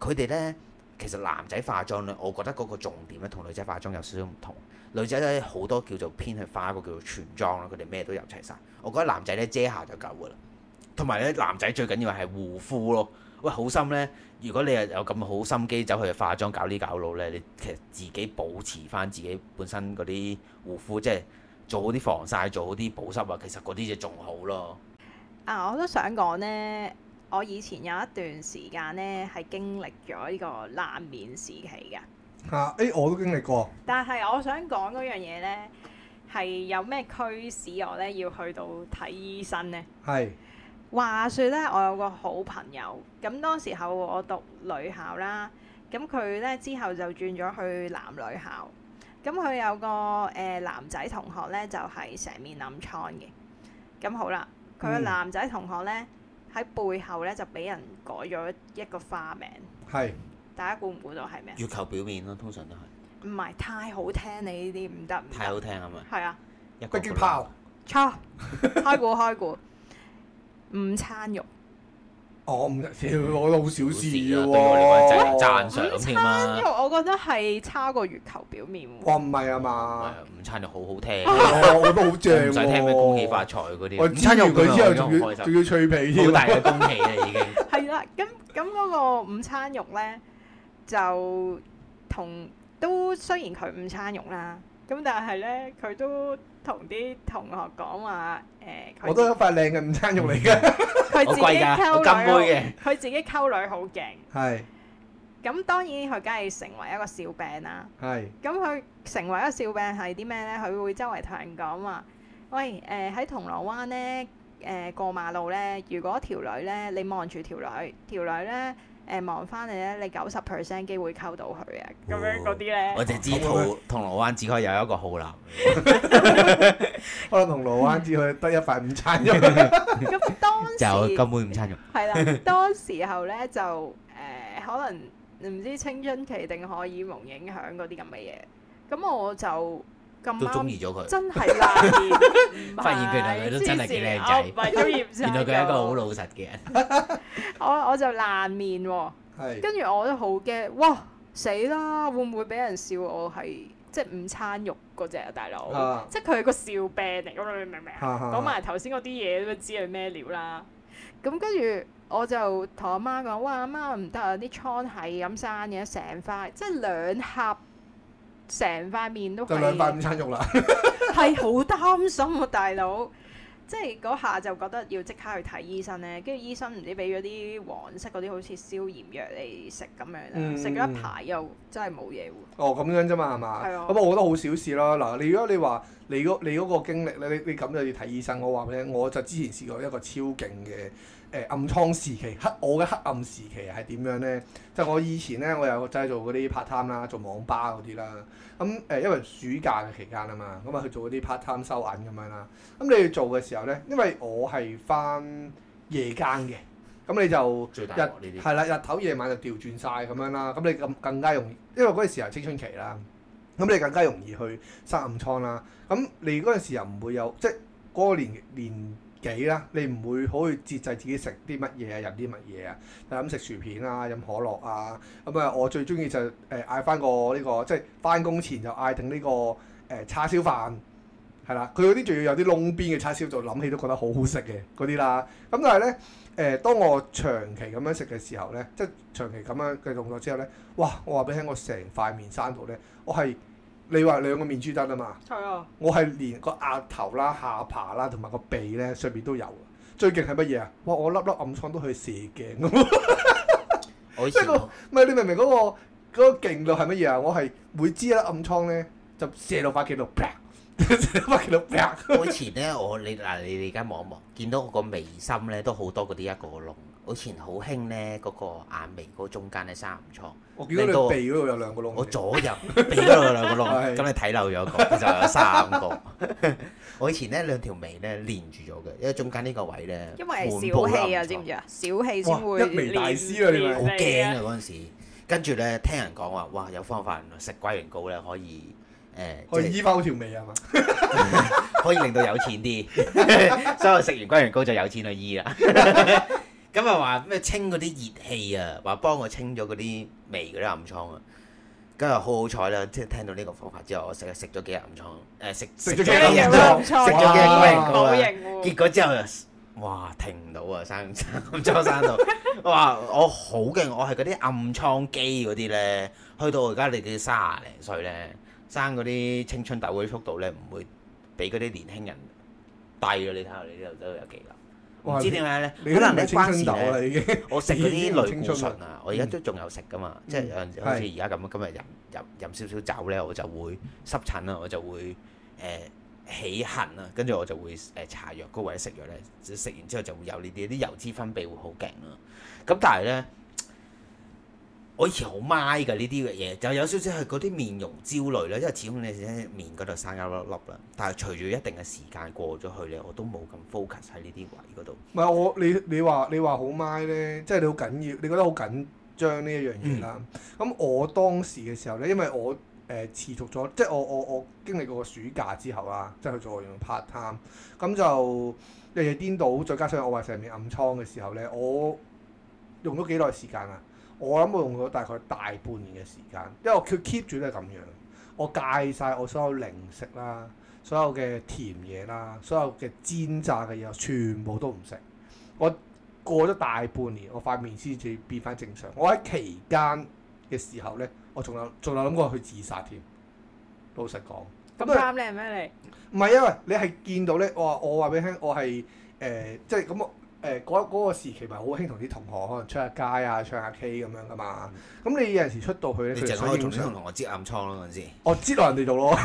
佢哋呢其實男仔化妝呢，我覺得嗰個重點咧同女仔化妝有少少唔同。女仔咧好多叫做偏去化一個叫做全妝咯，佢哋咩都入齊晒。我覺得男仔呢遮瑕就夠噶啦，同埋呢男仔最緊要係護膚咯。喂，好心咧！如果你又有咁好心機走去化妝搞啲搞佬咧，你其實自己保持返自己本身嗰啲護膚，即係做好啲防曬，做好啲保濕啊，其實嗰啲就仲好咯。啊，我都想講咧，我以前有一段時間咧係經歷咗呢個爛面時期嘅、啊。嚇、欸、！A 我都經歷過。但係我想講嗰樣嘢咧，係有咩驅使我咧要去到睇醫生咧？係。話説咧，我有個好朋友，咁當時候我讀女校啦，咁佢咧之後就轉咗去男女校，咁佢有個誒、呃、男仔同學咧，就係成面暗瘡嘅，咁好啦，佢、嗯、個男仔同學咧喺背後咧就俾人改咗一個花名，係是大家估唔估到係咩？月球表面咯、啊。通常都係，唔係太好聽你呢啲唔得，太好聽啊嘛，係啊，一個豬泡，差，開估開估。午餐肉，哦、我唔，得我老少事啊！對我嚟講真係讚賞，午餐肉我覺得係差過月球表面喎。哇，唔係啊嘛，午餐肉好好聽， 哦、我都好正，唔使、 嗯、聽咩恭喜發財嗰啲。午知餐肉佢之後仲要仲要脆皮添、啊，好大恭喜啦已經。係啦，咁咁嗰個午餐肉咧，就同都雖然佢午餐肉啦，咁但係咧佢都。同啲同學講話誒，我都有一塊靚嘅午餐肉嚟㗎，佢自己溝女，佢自己溝女好勁。係，咁當然佢梗係成為一個笑柄啦。係，咁佢成為一個笑柄係啲咩咧？佢會周圍同人講話，喂，誒喺銅鑼灣咧，誒過馬路咧，如果條女咧，你望住條女，條女咧。誒望翻你咧，你九十 percent 機會溝到佢嘅，咁、哦、樣嗰啲咧，我就知銅銅鑼灣只可以有一個浩南， 可能銅鑼灣只可以得一塊午餐肉。咁 當時根本午餐肉係啦，當時候咧就誒、呃、可能唔知青春期定荷爾蒙影響嗰啲咁嘅嘢，咁我就。咁中意咗佢，真係啦！ 發現佢原來都真係幾靚仔，原來佢係一個好老實嘅人。 我我就爛面喎，跟住是我都好驚，哇死啦！會唔會俾人笑我係即係午餐肉嗰隻、啊、大佬？啊、即係佢個笑柄嚟，你明唔明？啊啊、講埋頭先嗰啲嘢都知佢咩料啦。咁跟住我就同阿媽講，哇，阿媽唔得啊！啲瘡係咁生嘅，成塊即係兩盒。成塊面都就兩塊午餐肉啦，係好擔心啊，大佬，即係嗰下就覺得要即刻去睇醫生咧，跟住醫生唔知俾咗啲黃色嗰啲好似消炎藥嚟食咁樣，食咗、嗯、一排又真係冇嘢喎。哦，咁樣啫嘛係嘛，咁、啊、我覺得好小事啦。嗱，你如果你話你嗰你嗰個經歷咧，你你咁就要睇醫生，我話俾你，我就之前試過一個超勁嘅。誒暗瘡時期，黑我嘅黑暗時期係點樣咧？就我以前咧，我有製造嗰啲 part time 啦，做網吧嗰啲啦。咁誒，因為暑假嘅期間啊嘛，咁啊去做嗰啲 part time 收銀咁樣啦。咁你做嘅時候咧，因為我係翻夜間嘅，咁你就日係啦，日頭夜晚就調轉晒咁樣啦。咁你更更加容易，因為嗰陣時係青春期啦，咁你更加容易去生暗瘡啦。咁你嗰陣時又唔會有，即係嗰個年年。年自己啦，你唔會可以節制自己食啲乜嘢啊，飲啲乜嘢啊，係咁食薯片啊，飲可樂啊，咁、嗯、啊，我最中意就誒嗌翻個呢個，即係翻工前就嗌定呢個誒、呃、叉燒飯，係啦，佢嗰啲仲要有啲窿邊嘅叉燒，就諗起都覺得好好食嘅嗰啲啦。咁、嗯、但係咧，誒、呃、當我長期咁樣食嘅時候咧，即係長期咁樣嘅動作之後咧，哇！我話俾你聽，我成塊面生到咧，我係。你話兩個面珠真啊嘛？係啊、哦！我係連個額頭啦、下巴啦，同埋個鼻咧上邊都有。最勁係乜嘢啊？哇！我粒粒暗瘡都去射鏡。我以前咪你明唔明嗰個嗰個勁度係乜嘢啊？我係每支粒暗瘡咧就射到塊鏡度，啪！塊鏡度啪！我以前咧，我你嗱，你哋而家望一望，見到我個眉心咧都好多嗰啲一個窿。我以前好興咧，嗰、嗰個眼眉嗰個中間咧生暗瘡。鼻度有兩個窿，我左右鼻度有兩個窿，咁你睇漏咗一個，其實有三個。 我以前咧兩條眉咧連住咗嘅，因為中間呢個位咧，因為少氣啊，知唔知啊？少氣先會連。哇！一眉大師啊，你係好驚啊嗰陣時。跟住咧聽人講話，哇，有方法食龜苓膏咧可以誒，可以醫翻好條眉係嘛？ 可以令到有錢啲， 所以食完龜苓膏就有錢去醫啦。 咁啊話咩清嗰啲熱氣啊，話幫我清咗嗰啲味嗰啲暗瘡啊，今日好好彩啦！即係聽到呢個方法之後，我食食咗幾日暗瘡，誒食食咗幾日暗瘡，食咗幾日啊？好結果之後啊，哇停唔到啊，生生，生瘡生到， 哇我好勁，我係嗰啲暗瘡肌嗰啲咧，去到而家你幾卅零歲咧，生嗰啲青春痘嗰啲速度咧唔會比嗰啲年輕人低咗。你睇下你呢度都有記我唔哇知點解咧，可能你關到我。 我食嗰啲類固醇啊，嗯、我而家都仲有食噶嘛，嗯、即係好似而家咁啊。今日飲飲飲少少酒咧，我就會濕疹啦，我就會誒、呃、起痕啦，跟住我就會誒搽藥膏或者食藥咧，食、那個、完之後就會有呢啲，啲油脂分泌會好勁啦。咁但係咧，我以前好咪 y 㗎呢啲嘅嘢，就有少少係嗰啲面容焦慮啦，因為始終你面嗰度生一粒粒啦。但係隨住一定嘅時間過咗去咧，我都冇咁 focus 喺呢啲位嗰度。唔係我你你話你話好咪 y 咧，即係你好緊要，你覺得好緊張呢一樣嘢啦。咁、嗯、我當時嘅時候咧，因為我誒、呃、持續咗，即係我我我經歷過暑假之後啦，即係去做用 part time，咁就日日顛倒，再加上我話成面暗瘡嘅時候咧，我用咗幾耐時間啊？我諗我用咗大概大半年嘅時間，因為我佢 keep 住都係咁樣，我戒晒我所有零食啦，所有嘅甜嘢啦，所有嘅煎炸嘅嘢，全部都唔食。我過咗大半年，我塊面先至變翻正常。我喺期間嘅時候咧，我仲有仲有諗過去自殺添。老實講，咁啱靚咩你？唔係因為你係見到咧，我話我話俾你聽，我係誒，即係咁我。就是誒，嗰嗰個時期咪好興同啲同學可能出下街啊、唱下 K 咁樣㗎嘛。咁、嗯嗯嗯、你有陣時出到去咧，你就可以重新同同學接暗瘡咯、啊。嗰陣時我知道人哋做咯，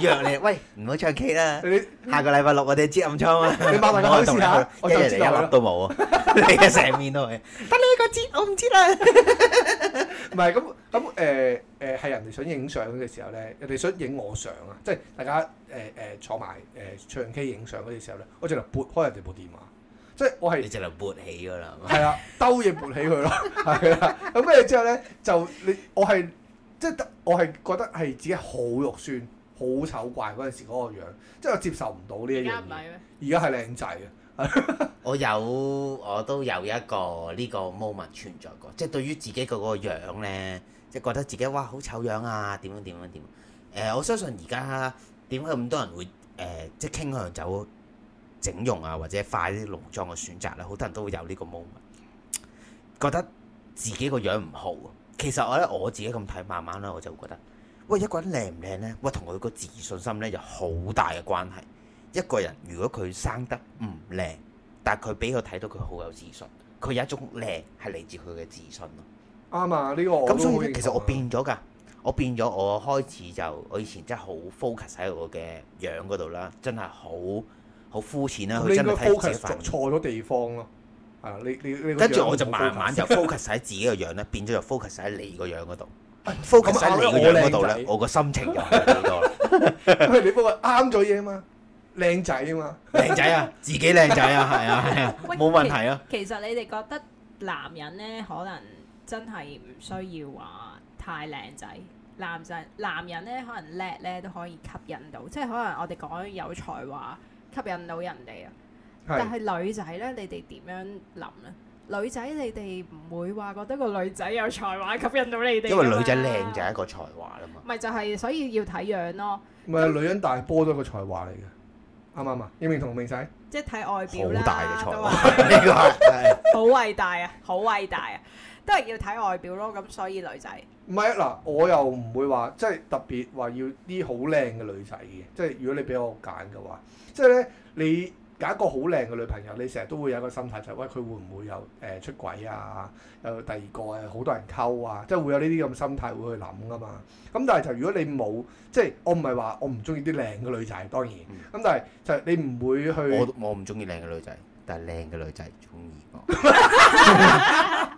約 你，喂唔好唱 K 啦。你下個禮拜六我哋接暗瘡啊。你八萬蚊可以試下我一月嚟一都冇啊。你嘅成面都係得你一個知， 個知，我唔知啦。唔係咁咁誒誒，係、嗯嗯嗯嗯嗯、人哋想影相嘅時候咧，人哋想影我相啊，即係大家誒誒、嗯嗯嗯、坐埋誒、嗯、唱 K 影相嗰啲時候咧，我淨係撥開人哋部電話。即係我係，你直頭撥起㗎啦，係啊的，兜嘢撥起佢咯，係啦。咁跟住之後咧，就你我係即係我係覺得係自己好肉酸、好醜怪嗰陣時嗰個樣，即、就、係、是、我接受唔到呢一樣嘢。而家係靚仔嘅， 我有我都有一個呢個 moment 存在過，即、就、係、是、對於自己嗰個樣咧，即、就、係、是、覺得自己哇好醜樣啊，點樣點樣點。誒、呃，我相信而家點解咁多人會誒、呃，即係傾向走。整容啊，或者化啲濃妝嘅選擇咧，好多人都會有呢個 moment，覺得自己個樣唔好。其實我咧我自己咁睇，慢慢咧我就會覺得，喂一個人靚唔靚呢？喂同佢個自信心呢有好大嘅關係。一個人，一個人如果佢生得唔靚，但係佢俾佢睇到佢好有自信，佢有一種靚係嚟自佢嘅自信咯。啱啊，呢個咁所以其實我變咗㗎，我變咗，我開始就我以前真係好 focus 喺我嘅樣嗰度啦，真係好。好膚淺啦、啊！佢真係睇住錯咗地方咯。啊，你你你跟住我就慢慢就 focus 喺自己樣 個樣咧，變咗就 focus 喺你個樣嗰度。focus 喺你個樣嗰度咧，我個心情又係好多啦。你不過啱咗嘢啊嘛，靚仔啊嘛。靚仔啊，自己靚仔啊，係啊，冇、啊啊、問題啊。其實你哋覺得男人咧，可能真係唔需要話太靚仔。男人男人咧，可能叻咧都可以吸引到。即係可能我哋講有才華。吸引到人哋啊！但係女仔咧，你哋點樣諗咧？女仔你哋唔會話覺得個女仔有才華吸引到你哋，啊，因為女仔靚就係一個才華啦嘛。咪就係、是、所以要睇樣咯。唔係女人大波都係一個才華嚟嘅，啱唔啱啊？認唔認同明仔，即係睇外表啦。好大嘅才華，呢個係好偉大啊！好偉大啊！都係要睇外表咯。咁所以女仔。唔係嗱，我又唔會話即係特別話要啲好靚嘅女仔嘅，即係如果你俾我揀嘅話，即係咧你揀一個好靚嘅女朋友，你成日都會有一個心態就係、是、喂佢會唔會有誒、呃、出軌啊，有第二個啊，好多人溝啊，即係會有呢啲咁心態會去諗噶嘛。咁但係就如果你冇，即係我唔係話我唔中意啲靚嘅女仔，當然。咁、嗯、但係就係你唔會去。我我唔中意靚嘅女仔，但係靚嘅女仔中意我。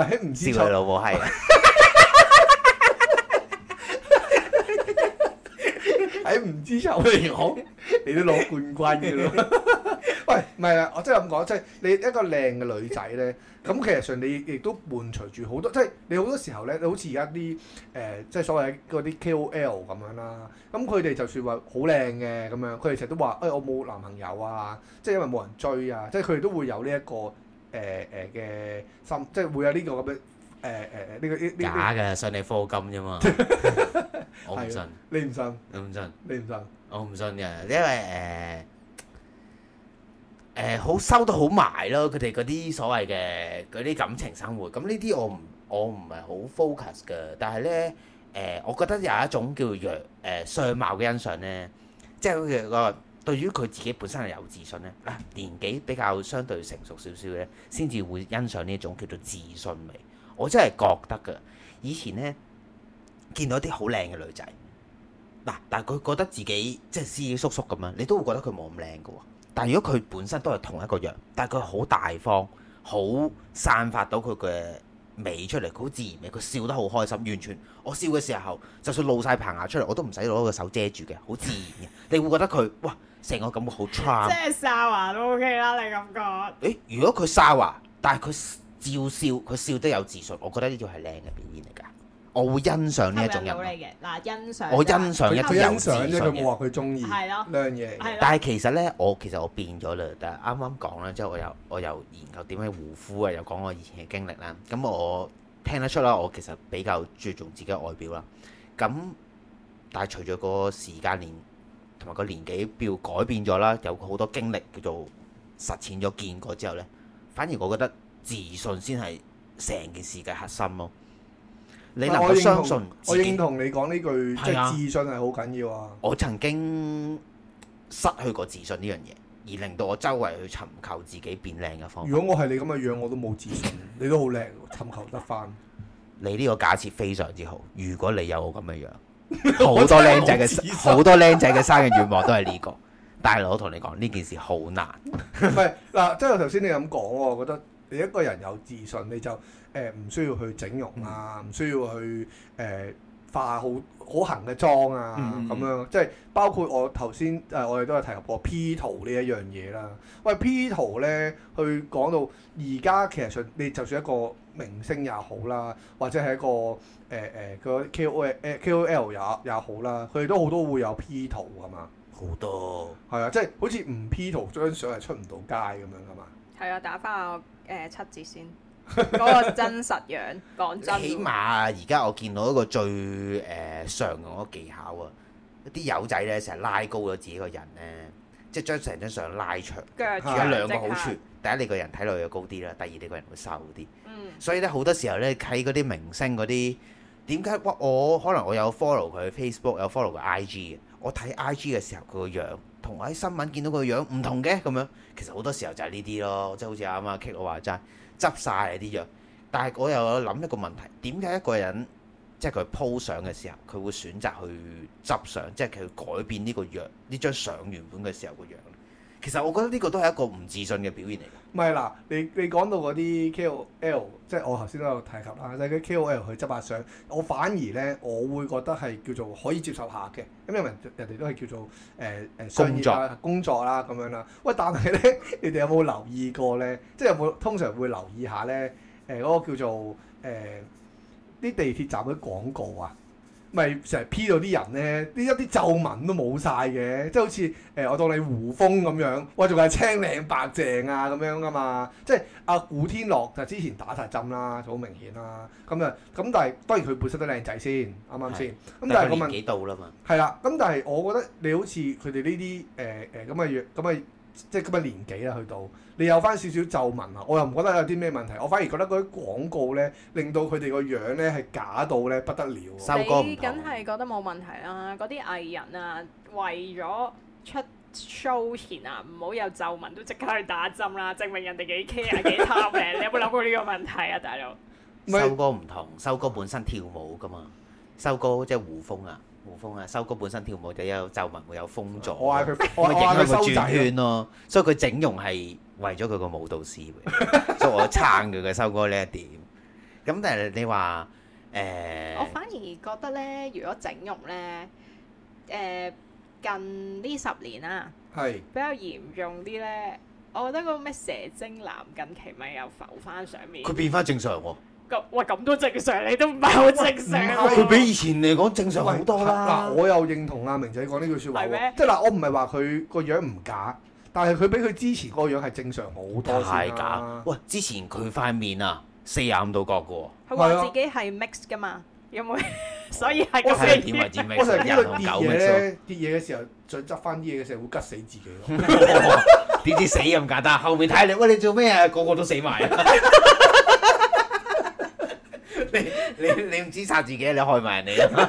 唔 知你老婆係 喺唔知醜嚟講，你都攞冠軍嘅咯。 喂，唔係啊，我真係咁講，即係你一個靚嘅女仔咧，咁其實上你亦都伴隨住好多，即係你好多時候咧，你好似而家啲誒，即係所謂嗰啲 KOL 咁樣啦。咁佢哋就算話好靚嘅咁樣，佢哋成日都話：誒我冇男朋友啊，即係因為冇人追啊。即係佢哋都會有呢一個誒誒嘅心，即係會有呢個咁樣。誒誒誒，呢個呢呢假嘅，信你課金啫嘛。我唔信，你唔信，你唔信，你唔信，我唔信嘅，因為誒誒好收得好埋咯。佢哋嗰啲所謂嘅嗰啲感情生活咁呢啲，我唔我唔係好 focus 嘅。但係咧誒，我覺得有一種叫做弱誒相貌嘅欣賞咧，即係佢個對於佢自己本身係有自信咧。嗱，年紀比較相對成熟少少咧，先至會欣賞呢一種叫做自信美。我真係覺得㗎，以前呢，見到啲好靚嘅女仔，嗱，但係佢覺得自己即係思思縮縮咁樣，你都會覺得佢冇咁靚嘅喎。但係如果佢本身都係同一個樣，但係佢好大方，好散發到佢嘅美出嚟，佢好自然美，佢笑得好開心，完全我笑嘅時候，就算露晒棚牙出嚟，我都唔使攞個手遮住嘅，好自然嘅。你會覺得佢哇，成個感覺好 charm。即係沙華都 OK 啦，你咁講。誒，如果佢沙華，但係佢。笑笑，佢笑得有自信，我覺得呢條係靚嘅表演嚟㗎。我會欣賞呢一種人。係嘅嗱，欣賞、就是、我欣賞一啲有自信嘅。佢欣賞呢句話，佢中意係咯靚嘢。但係其實咧，我其實我變咗啦。但係啱啱講啦，之後我又我又研究點樣護膚啊，又講我以前嘅經歷啦。咁我聽得出啦，我其實比較注重自己外表啦。咁但係，除咗個時間年同埋個年紀標改變咗啦，有好多經歷叫做實踐咗、見過之後咧，反而我覺得。自信先係成件事嘅核心咯、啊。你能夠相信自己，啊、我認同，同你講呢句，即係自信係好緊要啊！我曾經失去過自信呢樣嘢，而令到我周圍去尋求自己變靚嘅方法。如果我係你咁嘅樣，我都冇自信。你都好靚、啊，尋求得翻。 你呢個假設非常之好。如果你有我咁嘅樣，好多靚仔嘅好多靚仔嘅生日願望都係呢個。 但係我同你講，呢件事好難。唔 嗱，即係頭先你咁講，我覺得。你一個人有自信，你就誒唔、呃、需要去整容啊，唔、嗯、需要去誒、呃、化好好行嘅妝啊，咁樣、嗯、即係包括我頭先誒，我哋都有提及過 P 圖呢一樣嘢啦。喂，P 圖咧，去講到而家其實上，你就算一個明星也好啦，或者係一個誒誒、呃、個、呃、KOL KOL 也也好啦，佢哋都好多會有 P 圖噶嘛，好多係啊，即係好似唔 P 圖張相係出唔到街咁樣噶嘛。係啊，打翻我誒、呃、七字先，嗰、那個真實樣。講真，起碼而家我見到一個最誒、呃、常用嘅技巧啊，啲友仔咧成日拉高咗自己個人咧，即係將成張相拉長。上有兩個好處，上第一你個人睇落去高啲啦，第二你個人會瘦啲。嗯。所以咧，好多時候咧睇嗰啲明星嗰啲，點解哇我，我可能我有 follow 佢 Facebook 有 follow 佢 IG？我睇 IG 嘅時候，佢個樣，我樣同喺新聞見到佢個樣唔同嘅咁樣，其實好多時候就係呢啲咯，即係好似啱啱 Kiki 話齋執晒啲樣，但係我又諗一個問題，點解一個人即係佢鋪相嘅時候，佢會選擇去執相，即係佢改變呢個樣，呢張相原本嘅時候個樣？其實我覺得呢個都係一個唔自信嘅表現嚟。唔係嗱，你你講到嗰啲 KOL，即係我頭先都有提及啦，即係佢 KOL 去執下相，我反而咧，我會覺得係叫做可以接受下嘅。咁因為人哋都係叫做誒誒上熱工作啦咁樣啦。喂，但係咧，你哋有冇留意過咧？即係有冇通常會留意下咧？誒嗰個叫做誒啲地鐵站嗰啲廣告啊？咪成日 P 到啲人咧，呢一啲皺紋都冇晒嘅，即係好似誒、呃、我當你胡風咁樣，哇仲係青靚白淨啊咁樣噶嘛，即係阿古天樂就之前打曬針啦，就好明顯啦，咁啊咁但係當然佢本身都靚仔先，啱啱先？咁剛但係幾度啦嘛，係啦，咁但係我覺得你好似佢哋呢啲誒誒咁嘅樣咁啊。呃呃即係咁嘅年紀啦，去到你有翻少少皺紋啊，我又唔覺得有啲咩問題，我反而覺得嗰啲廣告咧，令到佢哋個樣咧係假到咧不得了。收哥梗係覺得冇問題啦、啊，嗰啲藝人啊，為咗出 show 前啊，唔好有皺紋都即刻去打針啦、啊，證明人哋幾 care 幾貪靚。 你有冇諗過呢個問題啊，大佬？是收哥唔同，收哥本身跳舞噶嘛，收哥即係胡風啊。胡風啊，修哥本身跳舞就有皺紋，會有風阻，會影響佢轉圈咯、啊。所以佢整容係為咗佢個舞蹈師嘅，所以我 撐佢嘅。修哥呢一點，咁但係你話誒，呃、我反而覺得咧，如果整容咧，誒、呃、近呢十年啦、啊，係是比較嚴重啲咧。我覺得個咩蛇精男近期咪又浮翻上面，佢變翻正常喎、啊。喂，咁都正常，你都唔係好正常，佢比以前嚟講正常好多啦、啊。嗱，我又認同阿、啊、明仔講呢句說話。嗎即係嗱，我唔係話佢個樣唔假，但係佢比佢之前個樣係正常好多、啊。太假！喂，之前佢塊面啊，四廿五度角噶喎。佢話自己係 mix 噶嘛，有冇？啊、所以係、 這個衰點啊？點 mix？我成日跌落跌嘢嘅時候再執翻啲嘢嘅時候，會吉死自己咯。點、 哦、知死咁唔簡單？後面睇你，喂，你做咩啊？個個都死埋啊！ 你你唔止殺自己，你害埋人哋啊！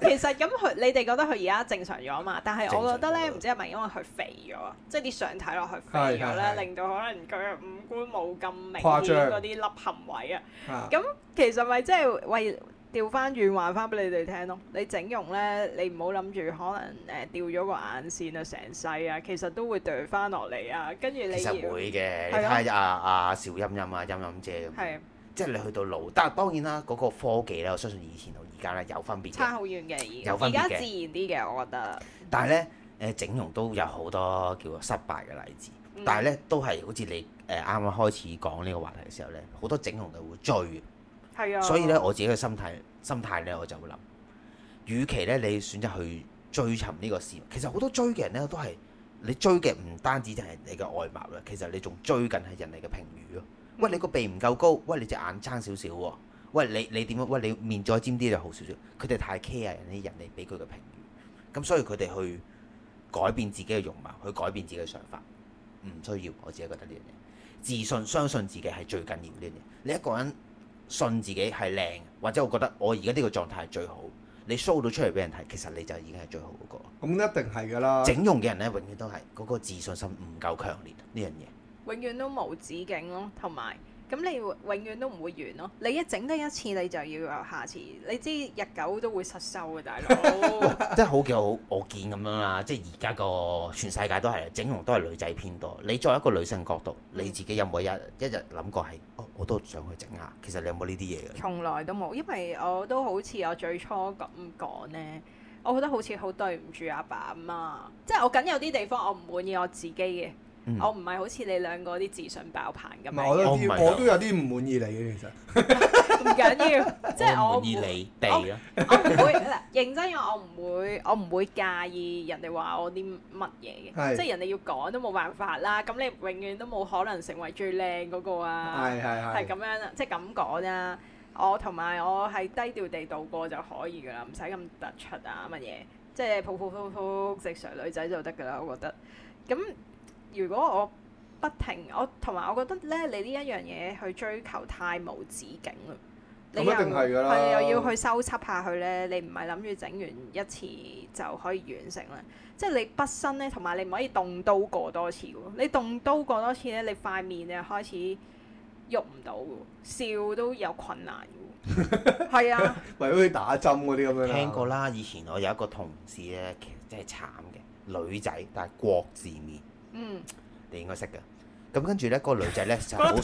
其實咁佢，你哋覺得佢而家正常咗嘛？但係我覺得咧，唔知係咪因為佢肥咗，即係啲相睇落去肥咗咧，令到可能佢五官冇咁明顯，誇張嗰啲凹陷位啊。咁其實咪即係喂調翻轉話翻俾你哋聽咯。你整容咧，你唔好諗住可能誒掉咗個眼線啊，成世啊，其實都會掉翻落嚟啊。跟住你其實會嘅，你睇下阿阿邵音音啊，音音姐咁。即係你去到老，但係當然啦，嗰、那個科技咧，我相信以前同而家咧有分別。差好遠嘅，而而家自然啲嘅，我覺得但呢。但係咧，誒整容都有好多叫做失敗嘅例子，嗯、但係咧都係好似你誒啱啱開始講呢個話題嘅時候咧，好多整容就會追。係啊。所以咧，我自己嘅心態心態咧，我就會諗，與其咧你選擇去追尋呢個事，其實好多追嘅人咧都係你追嘅唔單止就係你嘅外貌啦，其實你仲追緊係人哋嘅評語咯。喂，你個鼻唔夠高，喂，你隻眼爭少少喎，喂，你你點啊？喂，你面再尖啲就好少少。佢哋太 care 人哋人哋俾佢嘅評語，咁所以佢哋去改變自己嘅容貌，去改變自己嘅想法，唔需要。我自己覺得呢樣嘢，自信相信自己係最緊要呢樣嘢。你一個人信自己係靚，或者我覺得我而家呢個狀態係最好，你 show 到出嚟俾人睇，其實你就已經係最好嗰個。咁一定係㗎喇！整容嘅人咧，永遠都係嗰個自信心唔夠強烈呢樣嘢。永遠都無止境咯，同埋咁你永遠都唔會完咯。你一整得一次，你就要有下次。你知日久都會失修嘅大佬 真係好嘅，我見咁樣啦。即係而家個全世界都係整容都係女仔偏多。你作為一個女性角度，嗯、你自己有冇一一日諗過係哦？我都想去整下。其實你有冇呢啲嘢嘅？從來都冇，因為我都好似我最初咁講呢，我覺得好似好對唔住阿爸阿媽，媽。即係我緊有啲地方我唔滿意我自己嘅。嗯、我唔係好似你兩個啲自信爆棚咁樣，我都、oh、my 我都有啲唔滿意你嘅其實。唔緊要， 即係我滿意你地咯。 我唔會嗱， 認真我唔會，我唔會介意人哋話我啲乜嘢嘅，是即係人哋要講都冇辦法啦。咁你永遠都冇可能成為最靚嗰個啊，係係咁樣啦，即係咁講啊，我同埋我係低調地度過就可以噶啦，唔使咁突出啊乜嘢，即係普普通通正常女仔就得噶啦，我覺得咁。如果我不停，我同埋我覺得咧，你呢一樣嘢去追求太無止境啦。你一定係㗎啦，係又要去修葺下佢咧。你唔係諗住整完一次就可以完成啦。即係你，你畢生咧，同埋你唔可以動刀過多次喎。你動刀過多次咧，你塊面啊開始喐唔到喎，笑都有困難嘅喎。係 啊，為咗去打針嗰啲咁樣啦。聽過啦，以前我有一個同事咧，其實真係慘嘅，女仔，但係國字面。嗯，你應該識嘅。咁跟住咧，個女仔咧 就好事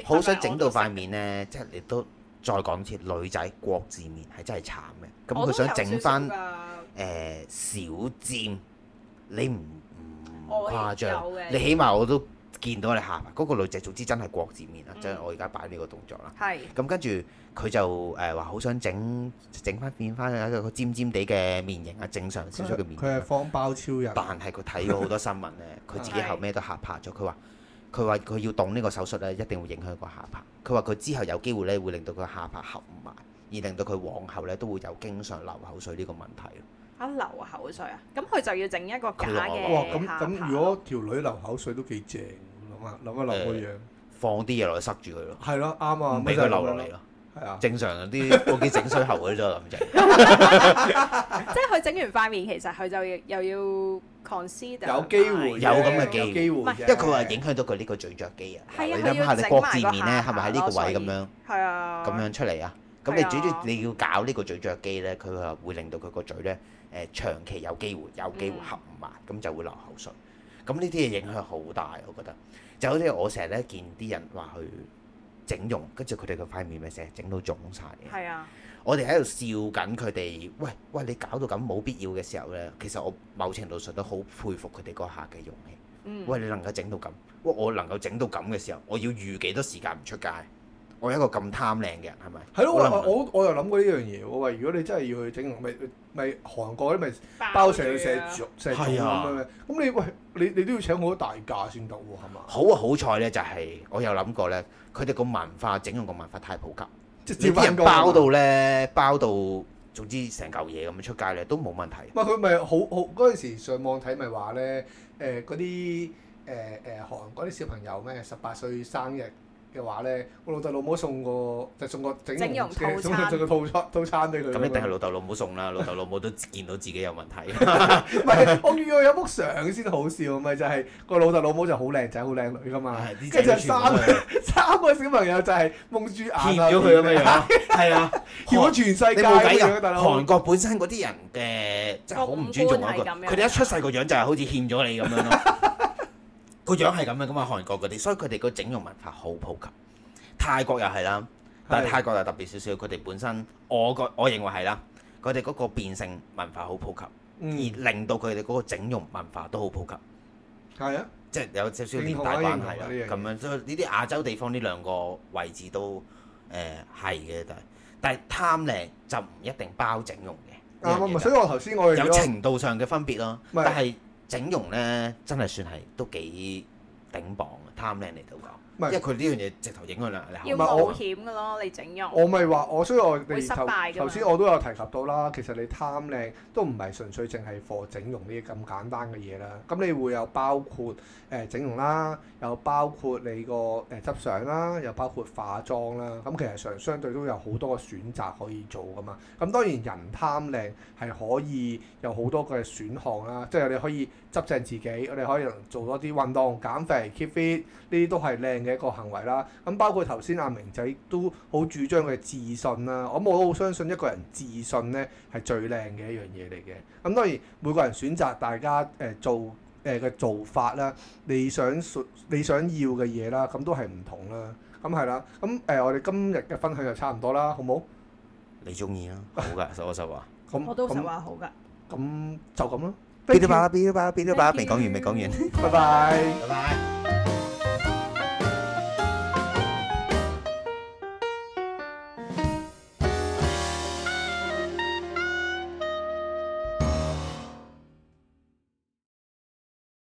想好想整到塊面咧，即係你，都你都再講次，女仔國字面係真係慘嘅。咁佢想整翻誒小尖，你唔唔誇張，你起碼我，你我都。見到你下巴嗰、那個女仔，總之真係國字面啦。即係、嗯、我而家擺呢個動作啦。係是。咁跟住佢就誒話好想整整翻變翻一個尖尖地嘅面型啊，正常少少嘅面型。佢係方包超人。但係佢睇咗好多新聞咧，佢 自己後尾都嚇怕咗。佢話佢話佢要動呢個手術咧，一定會影響個下巴。佢話佢之後有機會咧，會令到佢下巴合唔埋，而令到佢往後咧都會有經常流口水呢個問題。啊，流口水啊！咁佢就要整一個假嘅下巴。哇！咁咁，如果條女流口水都幾正。諗啊，留個樣，放啲嘢落去塞住佢咯。係咯，啱啊，俾佢流落嚟咯。係啊，正常啲，我見整水喉嗰啲都係咁滯。即係佢整完塊面，其實佢就又要 consider 有機會，有咁嘅機會，因為佢話影響到佢呢個咀嚼肌啊。係啊，你諗下，你割字面咧，係咪喺呢個位咁樣？係啊，咁樣出嚟啊。咁你主要你要搞呢個咀嚼肌咧，佢話會令到佢個嘴咧誒長期有機會，有機會合唔埋，咁就會流口水。咁呢啲嘢影響好大，我覺得。就好似我成日咧見啲人話去整容，跟住佢哋個塊面咪成日整到腫曬嘅。係是啊，我哋喺度笑緊佢哋，喂喂，你搞到咁冇必要嘅時候咧，其實我某程度上都好佩服佢哋嗰下嘅勇氣。嗯、喂，你能夠整到咁，我我能夠整到咁嘅時候，我要預幾多時間唔出街？我一個咁貪靚嘅人，係咪？係咯，我我又諗過呢樣嘢喎。喂，如果你真係要去整容，咪、哎、咪韓國啲咪包成成社成組咁樣，咁、嗯、你喂你你都要請好多大假先得喎，係嘛？好啊，好彩咧，就係、是、我有諗過咧，佢哋個文化整容個文化太普及，即係包到咧，包到總之成嚿嘢咁樣出街咧都冇問題。唔係佢咪好好嗰陣時上網睇咪話咧？誒嗰啲誒誒韓國啲小朋友咩十八歲生日？嘅話咧，我老豆老母送個就送個整容套個套餐套餐俾佢。咁一定係老豆老母送啦，老豆老母都見到自己有問題。唔係，我見到有幅相先好笑，咪就係個老豆老母就好靚仔好靚女噶嘛，跟住三個三個小朋友就係蒙住眼，欠咗佢咁嘅樣，係啊，欠咗全世界。韓國本身嗰啲人嘅真係好唔尊重我一個，佢哋一出世個樣就係好似欠咗你咁樣咯。個樣係咁嘅，咁啊韓國嗰啲，所以佢哋個整容文化好普及。泰國又係啦，但係泰國又特別少少，佢哋本身我個我認為係啦，佢哋嗰個變性文化好普及，嗯、而令到佢哋嗰個整容文化都好普及。係啊、嗯，即係有少少年代關係啦，咁樣，所以呢啲亞洲地方呢兩個位置都誒係嘅，但係但係貪靚就唔一定包整容嘅。所以我頭先我有程度上嘅分別咯，啊啊、唔係、但係。整容咧，真係算係都幾頂磅嘅，貪靚嚟到講。 唔係，因為佢呢樣嘢直頭影響啦。你考要冒險嘅咯，你整容。我咪話我，需要我哋頭頭先我都有提及到啦。其實你貪靚都唔係純粹淨係課整容呢啲咁簡單嘅嘢啦。咁你會有包括誒整容啦，又包括你個誒、呃、執相啦，又包括化妝啦。咁其實上相對都有好多個選擇可以做㗎嘛。咁當然人貪靚係可以有好多嘅選項啦。即係你可以執正自己，我哋可以做多啲運動減肥 keep fit，呢啲都係靚嘅。一個行為啦，咁包括頭先阿明仔都好主張嘅自信啦，咁我都好相信一個人自信咧係最靚嘅一樣嘢嚟嘅。咁當然每個人選擇大家誒做誒嘅做法啦，你想想你想要嘅嘢啦，咁都係唔同啦。咁係啦，咁誒我哋今日嘅分享就差唔多啦，好冇？你中意啊？好噶，實話實話。咁 我都實話好噶。咁就咁啦。 拜拜 bye bye bye 未講完未講完。Bye bye。